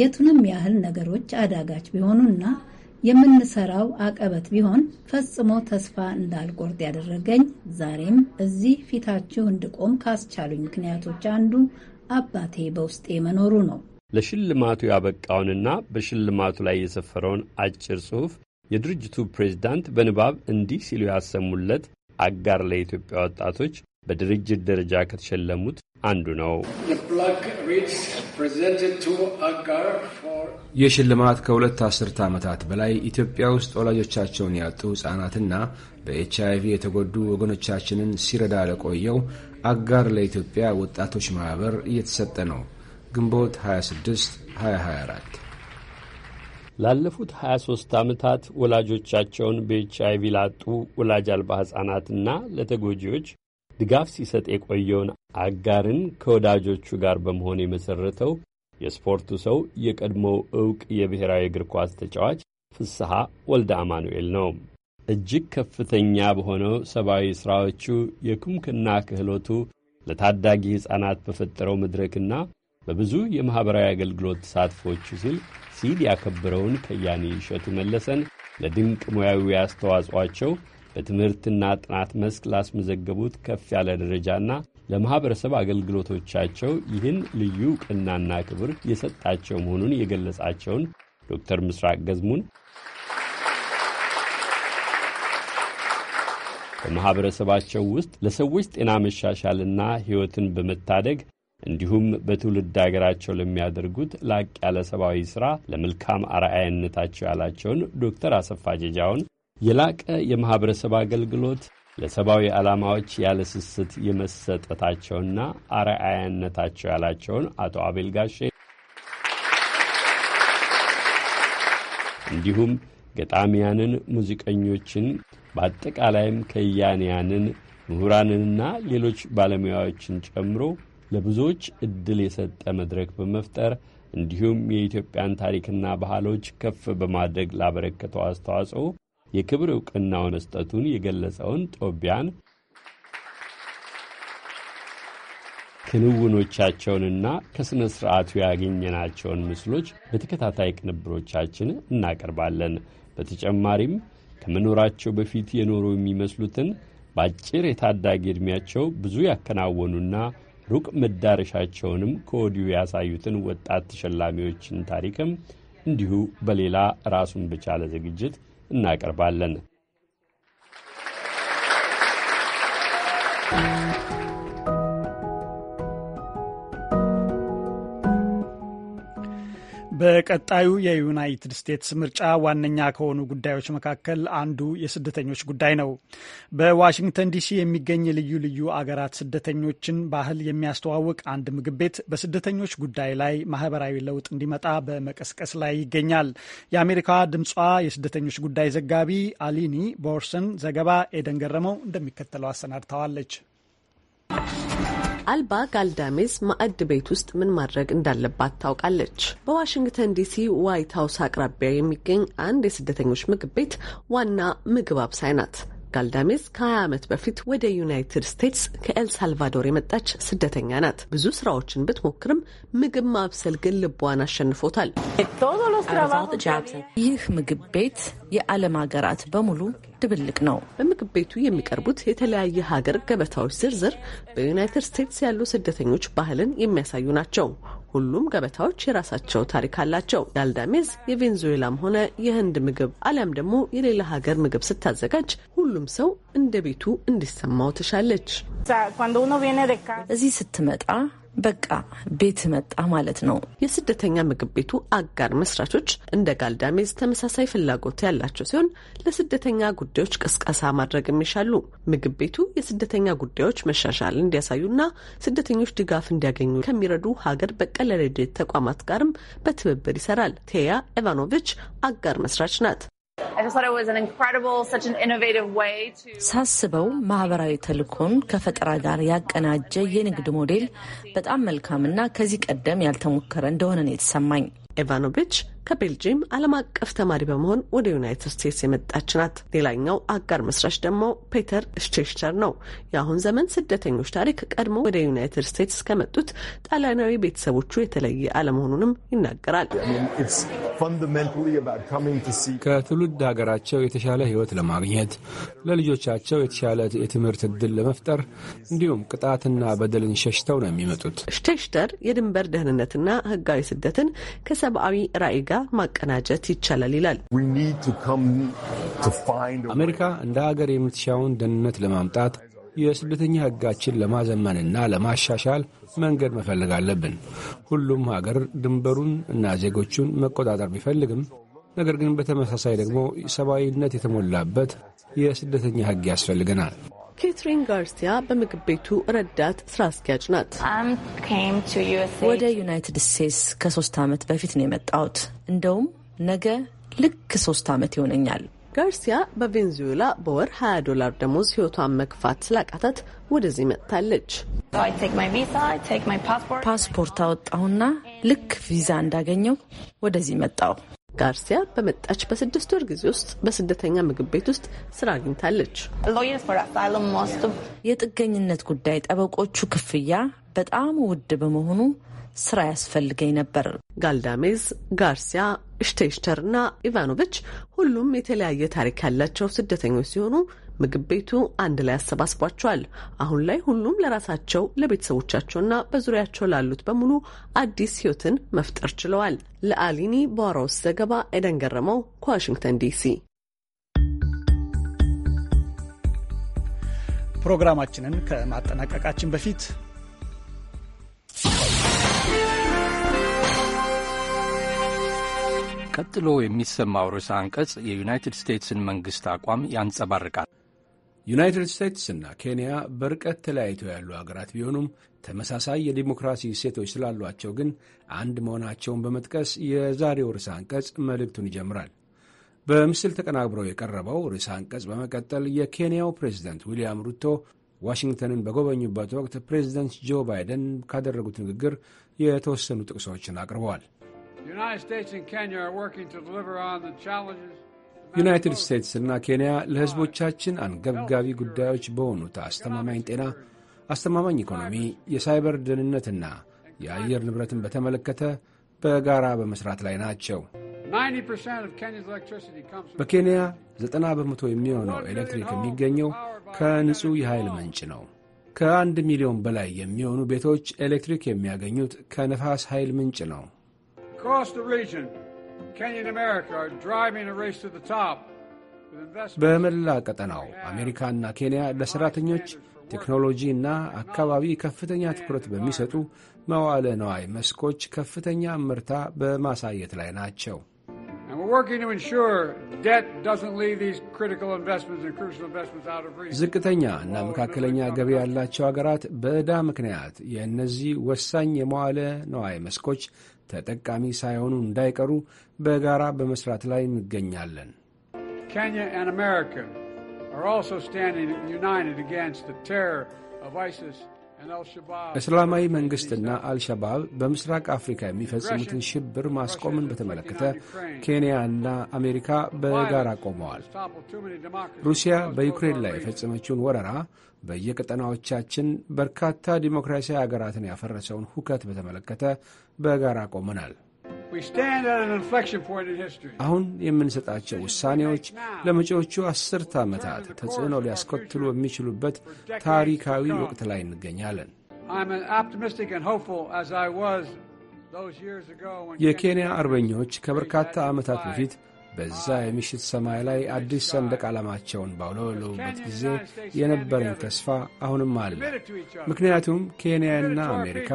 የቱንም ያህል ነገሮች አዳጋች ቢሆኑና የምንሰራው አቀበት ቢሆን ፈጽሞ ተስፋ እንዳልቆርጥ ያደረገኝ ዛሬም እዚህ ፊታችሁ እንድቆም ካስቻሉኝ ምክንያቶች አንዱ አባቴ በውስጤ መኖሩ ነው። ለሽልማቱ ያበቃውንና በሽልማቱ ላይ የሰፈረውን አጭር ጽሑፍ የድርጅቱ ፕሬዝዳንት በንባብ እንዲህ ሲሉ ያሰሙለት አጋር ለኢትዮጵያ ወጣቶች በድርጅት ደረጃ ከተሸለሙት አንዱ ነው። ይህ ሽልማት ከሁለት አስርተ ዓመታት በላይ ኢትዮጵያ ውስጥ ወላጆቻቸውን ያጡ ሕፃናትና በኤች ቪ የተጎዱ ወገኖቻችንን ሲረዳ ለቆየው አጋር ለኢትዮጵያ ወጣቶች ማኅበር እየተሰጠ ነው። ግንቦት 26 2024 ላለፉት 23 ዓመታት ወላጆቻቸውን በኤች አይቪ ላጡ ወላጅ አልባ ሕፃናትና ለተጎጂዎች ድጋፍ ሲሰጥ የቆየውን አጋርን ከወዳጆቹ ጋር በመሆን የመሠረተው የስፖርቱ ሰው የቀድሞው ዕውቅ የብሔራዊ እግር ኳስ ተጫዋች ፍስሐ ወልደ አማኑኤል ነው። እጅግ ከፍተኛ በሆነው ሰብአዊ ሥራዎቹ የኩምክና ክህሎቱ ለታዳጊ ሕፃናት በፈጠረው መድረክና በብዙ የማኅበራዊ አገልግሎት ተሳትፎቹ ሲል ሲል ያከበረውን ከያኔ እሸቱ መለሰን ለድንቅ ሙያዊ አስተዋጽኦአቸው በትምህርትና ጥናት መስክ ላስመዘገቡት ከፍ ያለ ደረጃና ለማኅበረሰብ አገልግሎቶቻቸው ይህን ልዩ ቅናና ክብር የሰጣቸው መሆኑን የገለጻቸውን ዶክተር ምስራቅ ገዝሙን በማኅበረሰባቸው ውስጥ ለሰዎች ጤና መሻሻልና ሕይወትን በመታደግ እንዲሁም በትውልድ ሀገራቸው ለሚያደርጉት ላቅ ያለ ሰብአዊ ሥራ ለመልካም አርአያነታቸው ያላቸውን ዶክተር አሰፋ ጀጃውን የላቀ የማኅበረሰብ አገልግሎት ለሰብአዊ ዓላማዎች ያለ ስስት የመሰጠታቸውና አርአያነታቸው ያላቸውን አቶ አቤል ጋሼ እንዲሁም ገጣሚያንን፣ ሙዚቀኞችን፣ በአጠቃላይም ከያንያንን፣ ምሁራንንና ሌሎች ባለሙያዎችን ጨምሮ ለብዙዎች እድል የሰጠ መድረክ በመፍጠር እንዲሁም የኢትዮጵያን ታሪክና ባህሎች ከፍ በማድረግ ላበረከተው አስተዋጽኦ የክብር እውቅናውን ስጠቱን የገለጸውን ጦቢያን ክንውኖቻቸውንና ከሥነ ሥርዓቱ ያገኘናቸውን ምስሎች በተከታታይ ቅንብሮቻችን እናቀርባለን። በተጨማሪም ከመኖራቸው በፊት የኖሩ የሚመስሉትን በአጭር የታዳጊ ዕድሜያቸው ብዙ ያከናወኑና ሩቅ መዳረሻቸውንም ከወዲሁ ያሳዩትን ወጣት ተሸላሚዎችን ታሪክም እንዲሁ በሌላ ራሱን በቻለ ዝግጅት እናቀርባለን። በቀጣዩ የዩናይትድ ስቴትስ ምርጫ ዋነኛ ከሆኑ ጉዳዮች መካከል አንዱ የስደተኞች ጉዳይ ነው። በዋሽንግተን ዲሲ የሚገኝ ልዩ ልዩ አገራት ስደተኞችን ባህል የሚያስተዋውቅ አንድ ምግብ ቤት በስደተኞች ጉዳይ ላይ ማህበራዊ ለውጥ እንዲመጣ በመቀስቀስ ላይ ይገኛል። የአሜሪካ ድምጿ የስደተኞች ጉዳይ ዘጋቢ አሊኒ ቦርሰን ዘገባ ኤደን ገረመው እንደሚከተለው አሰናድተዋለች። አልባ ጋልዳሜዝ ማዕድ ቤት ውስጥ ምን ማድረግ እንዳለባት ታውቃለች። በዋሽንግተን ዲሲ ዋይት ሀውስ አቅራቢያ የሚገኝ አንድ የስደተኞች ምግብ ቤት ዋና ምግብ አብሳይ ናት። ጋልዳሜዝ ከ20 ዓመት በፊት ወደ ዩናይትድ ስቴትስ ከኤልሳልቫዶር የመጣች ስደተኛ ናት። ብዙ ስራዎችን ብትሞክርም ምግብ ማብሰል ግን ልቧን አሸንፎታል። ይህ ምግብ ቤት የዓለም ሀገራት በሙሉ ድብልቅ ነው። በምግብ ቤቱ የሚቀርቡት የተለያየ ሀገር ገበታዎች ዝርዝር በዩናይትድ ስቴትስ ያሉ ስደተኞች ባህልን የሚያሳዩ ናቸው። ሁሉም ገበታዎች የራሳቸው ታሪክ አላቸው። ዳልዳሜዝ የቬንዙዌላም ሆነ የህንድ ምግብ አሊያም ደግሞ የሌላ ሀገር ምግብ ስታዘጋጅ ሁሉም ሰው እንደ ቤቱ እንዲሰማው ትሻለች። እዚህ ስትመጣ በቃ ቤት መጣ ማለት ነው። የስደተኛ ምግብ ቤቱ አጋር መስራቾች እንደ ጋልዳሜዝ ተመሳሳይ ፍላጎት ያላቸው ሲሆን ለስደተኛ ጉዳዮች ቅስቀሳ ማድረግ የሚሻሉ ምግብ ቤቱ የስደተኛ ጉዳዮች መሻሻል እንዲያሳዩና ስደተኞች ድጋፍ እንዲያገኙ ከሚረዱ ሀገር በቀል ረድኤት ተቋማት ጋርም በትብብር ይሰራል። ቴያ ኢቫኖቪች አጋር መስራች ናት። ሳስበው ማህበራዊ ተልእኮን ከፈጠራ ጋር ያቀናጀ የንግድ ሞዴል በጣም መልካምና ከዚህ ቀደም ያልተሞከረ እንደሆነ ነው የተሰማኝ። ኢቫኖቪች ከቤልጅየም ዓለም አቀፍ ተማሪ በመሆን ወደ ዩናይትድ ስቴትስ የመጣች ናት። ሌላኛው አጋር መስራች ደግሞ ፔተር ሽቸስተር ነው። የአሁን ዘመን ስደተኞች ታሪክ ቀድሞ ወደ ዩናይትድ ስቴትስ ከመጡት ጣሊያናዊ ቤተሰቦቹ የተለየ አለመሆኑንም ይናገራል። ከትውልድ ሀገራቸው የተሻለ ሕይወት ለማግኘት ለልጆቻቸው የተሻለ የትምህርት እድል ለመፍጠር እንዲሁም ቅጣትና በደልን ሸሽተው ነው የሚመጡት። ሽቴሽተር የድንበር ደህንነትና ሕጋዊ ስደትን ከሰብአዊ ራዕይ ጋር ማቀናጀት ይቻላል ይላል። አሜሪካ እንደ ሀገር የምትሻውን ደህንነት ለማምጣት የስደተኛ ሕጋችን ለማዘመንና ለማሻሻል መንገድ መፈለግ አለብን። ሁሉም ሀገር ድንበሩን እና ዜጎቹን መቆጣጠር ቢፈልግም ነገር ግን በተመሳሳይ ደግሞ ሰብአዊነት የተሞላበት የስደተኛ ሕግ ያስፈልገናል። ኬትሪን ጋርሲያ በምግብ ቤቱ ረዳት ስራ አስኪያጅ ናት። ወደ ዩናይትድ ስቴትስ ከሶስት ዓመት በፊት ነው የመጣሁት። እንደውም ነገ ልክ ሶስት ዓመት ይሆነኛል። ጋርሲያ በቬንዙዌላ በወር 20 ዶላር ደሞዝ ህይወቷን መግፋት ስላቃታት ወደዚህ መጥታለች። ፓስፖርት አወጣሁና ልክ ቪዛ እንዳገኘው ወደዚህ መጣው። ጋርሲያ በመጣች በስድስት ወር ጊዜ ውስጥ በስደተኛ ምግብ ቤት ውስጥ ስራ አግኝታለች። የጥገኝነት ጉዳይ ጠበቆቹ ክፍያ በጣም ውድ በመሆኑ ስራ ያስፈልገኝ ነበር። ጋልዳሜዝ፣ ጋርሲያ፣ ሽቴሽተር እና ኢቫኖቪች ሁሉም የተለያየ ታሪክ ያላቸው ስደተኞች ሲሆኑ ምግብ ቤቱ አንድ ላይ አሰባስቧቸዋል። አሁን ላይ ሁሉም ለራሳቸው ለቤተሰቦቻቸውና በዙሪያቸው ላሉት በሙሉ አዲስ ሕይወትን መፍጠር ችለዋል። ለአሊኒ በዋራውስ ዘገባ ኤደን ገረመው ከዋሽንግተን ዲሲ። ፕሮግራማችንን ከማጠናቀቃችን በፊት ቀጥሎ የሚሰማው ርዕሰ አንቀጽ የዩናይትድ ስቴትስን መንግሥት አቋም ያንጸባርቃል። ዩናይትድ ስቴትስ እና ኬንያ በርቀት ተለያይተው ያሉ አገራት ቢሆኑም ተመሳሳይ የዲሞክራሲ እሴቶች ስላሏቸው ግን አንድ መሆናቸውን በመጥቀስ የዛሬው ርዕሰ አንቀጽ መልእክቱን ይጀምራል። በምስል ተቀናብረው የቀረበው ርዕሰ አንቀጽ በመቀጠል የኬንያው ፕሬዝደንት ዊልያም ሩቶ ዋሽንግተንን በጎበኙበት ወቅት ፕሬዝደንት ጆ ባይደን ካደረጉት ንግግር የተወሰኑ ጥቅሶችን አቅርበዋል። ዩናይትድ ስቴትስ እና ኬንያ ለሕዝቦቻችን አንገብጋቢ ጉዳዮች በሆኑት አስተማማኝ ጤና፣ አስተማማኝ ኢኮኖሚ፣ የሳይበር ደህንነትና የአየር ንብረትን በተመለከተ በጋራ በመስራት ላይ ናቸው። በኬንያ ዘጠና በመቶ የሚሆነው ኤሌክትሪክ የሚገኘው ከንጹሕ የኃይል ምንጭ ነው። ከአንድ ሚሊዮን በላይ የሚሆኑ ቤቶች ኤሌክትሪክ የሚያገኙት ከነፋስ ኃይል ምንጭ ነው። በመላ ቀጠናው አሜሪካና ኬንያ ለሠራተኞች ቴክኖሎጂ እና አካባቢ ከፍተኛ ትኩረት በሚሰጡ መዋለ ነዋይ መስኮች ከፍተኛ ምርታ በማሳየት ላይ ናቸው። ዝቅተኛ እና oh, መካከለኛ ገቢ ያላቸው ሀገራት በዕዳ ምክንያት የእነዚህ ወሳኝ የመዋለ ነዋይ መስኮች ተጠቃሚ ሳይሆኑ እንዳይቀሩ በጋራ በመስራት ላይ እንገኛለን። ኬንያ እና አሜሪካ are also standing united against the terror of ISIS. እስላማዊ መንግሥትና አልሸባብ በምስራቅ አፍሪካ የሚፈጽሙትን ሽብር ማስቆምን በተመለከተ ኬንያና አሜሪካ በጋራ ቆመዋል። ሩሲያ በዩክሬን ላይ የፈጸመችውን ወረራ፣ በየቀጠናዎቻችን በርካታ ዲሞክራሲያዊ አገራትን ያፈረሰውን ሁከት በተመለከተ በጋራ ቆመናል። አሁን የምንሰጣቸው ውሳኔዎች ለመጪዎቹ አስርት ዓመታት ተጽዕኖ ሊያስከትሉ የሚችሉበት ታሪካዊ ወቅት ላይ እንገኛለን። የኬንያ አርበኞች ከበርካታ ዓመታት በፊት በዛ የምሽት ሰማይ ላይ አዲስ ሰንደቅ ዓላማቸውን ባውለበለቡበት ጊዜ የነበረኝ ተስፋ አሁንም አለ። ምክንያቱም ኬንያና አሜሪካ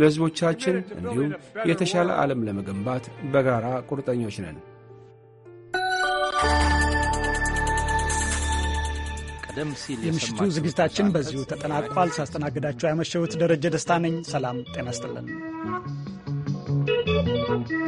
ለሕዝቦቻችን እንዲሁም የተሻለ ዓለም ለመገንባት በጋራ ቁርጠኞች ነን። የምሽቱ ዝግጅታችን በዚሁ ተጠናቋል። ሳስተናግዳችሁ ያመሸሁት ደረጀ ደስታ ነኝ። ሰላም ጤና you.